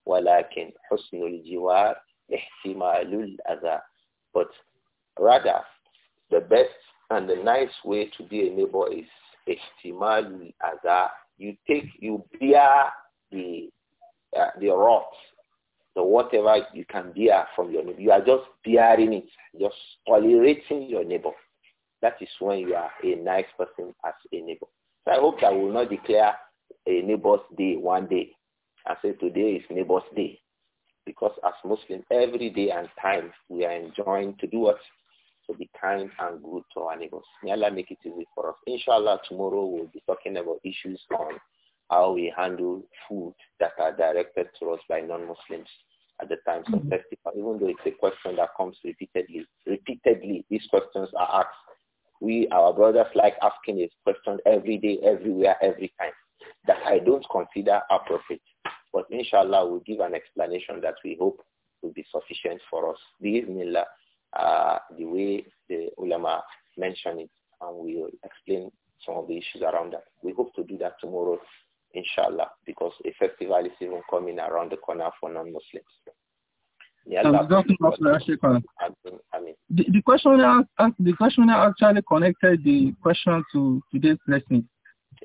Walakin husnul jiwar ihtimalul aza. But rather, the best and the nice way to be a neighbor is ihtimalul aza. You take, you bear the uh, the rot, the whatever you can bear from your neighbor. You are just bearing it, just tolerating your neighbor. That is when you are a nice person as a neighbor. So I hope that we will not declare a neighbor's day one day and say today is neighbor's day. Because as Muslims, every day and time we are enjoined to do what? To be kind and good to our neighbors. May Allah make it easy for us. Inshallah, tomorrow we'll be talking about issues on how we handle food that are directed to us by non-Muslims at the times mm -hmm. of festival, even though it's a question that comes repeatedly. Repeatedly, these questions are asked. We, our brothers, like asking this question every day, everywhere, every time, that I don't consider appropriate. But inshallah, we'll give an explanation that we hope will be sufficient for us. is uh, the way the ulama mentioned it, and we will explain some of the issues around that. We hope to do that tomorrow inshallah, because a festival is even coming around the corner for non-Muslims. The, the questioner the actually connected the question to today's lesson.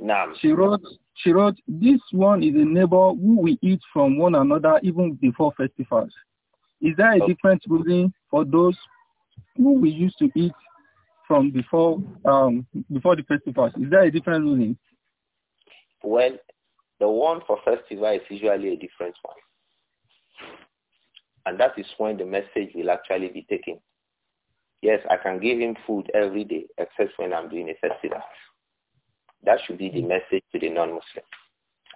Naam. She wrote she wrote this one is a neighbor who we eat from one another even before festivals. Is there a okay. different ruling for those who we used to eat from before um before the festivals? Is there a different ruling? Well, the one for festival is usually a different one. And that is when the message will actually be taken. Yes, I can give him food every day except when I'm doing a festival. That should be the message to the non-Muslim.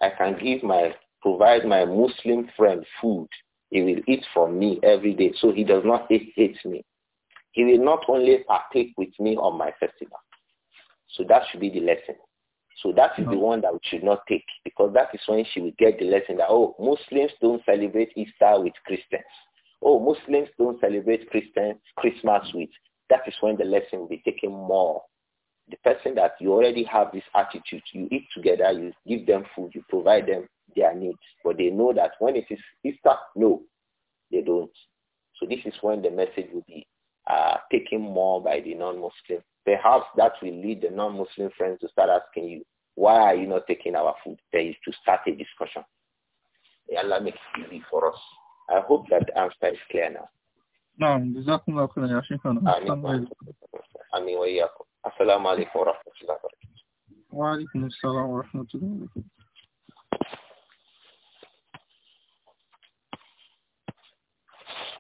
I can give my, provide my Muslim friend food. He will eat from me every day so he does not hate, hate me. He will not only partake with me on my festival. So that should be the lesson. So that is the one that we should not take because that is when she will get the lesson that, oh, Muslims don't celebrate Easter with Christians. Oh, Muslims don't celebrate Christmas with. That is when the lesson will be taken more. The person that you already have this attitude, you eat together, you give them food, you provide them their needs. But they know that when it is Easter, no, they don't. So this is when the message will be uh, taking taken more by the non-Muslim. Perhaps that will lead the non-Muslim friends to start asking you, why are you not taking our food? There is to start a discussion. May Allah makes it easy for us. I hope that the answer is clear now.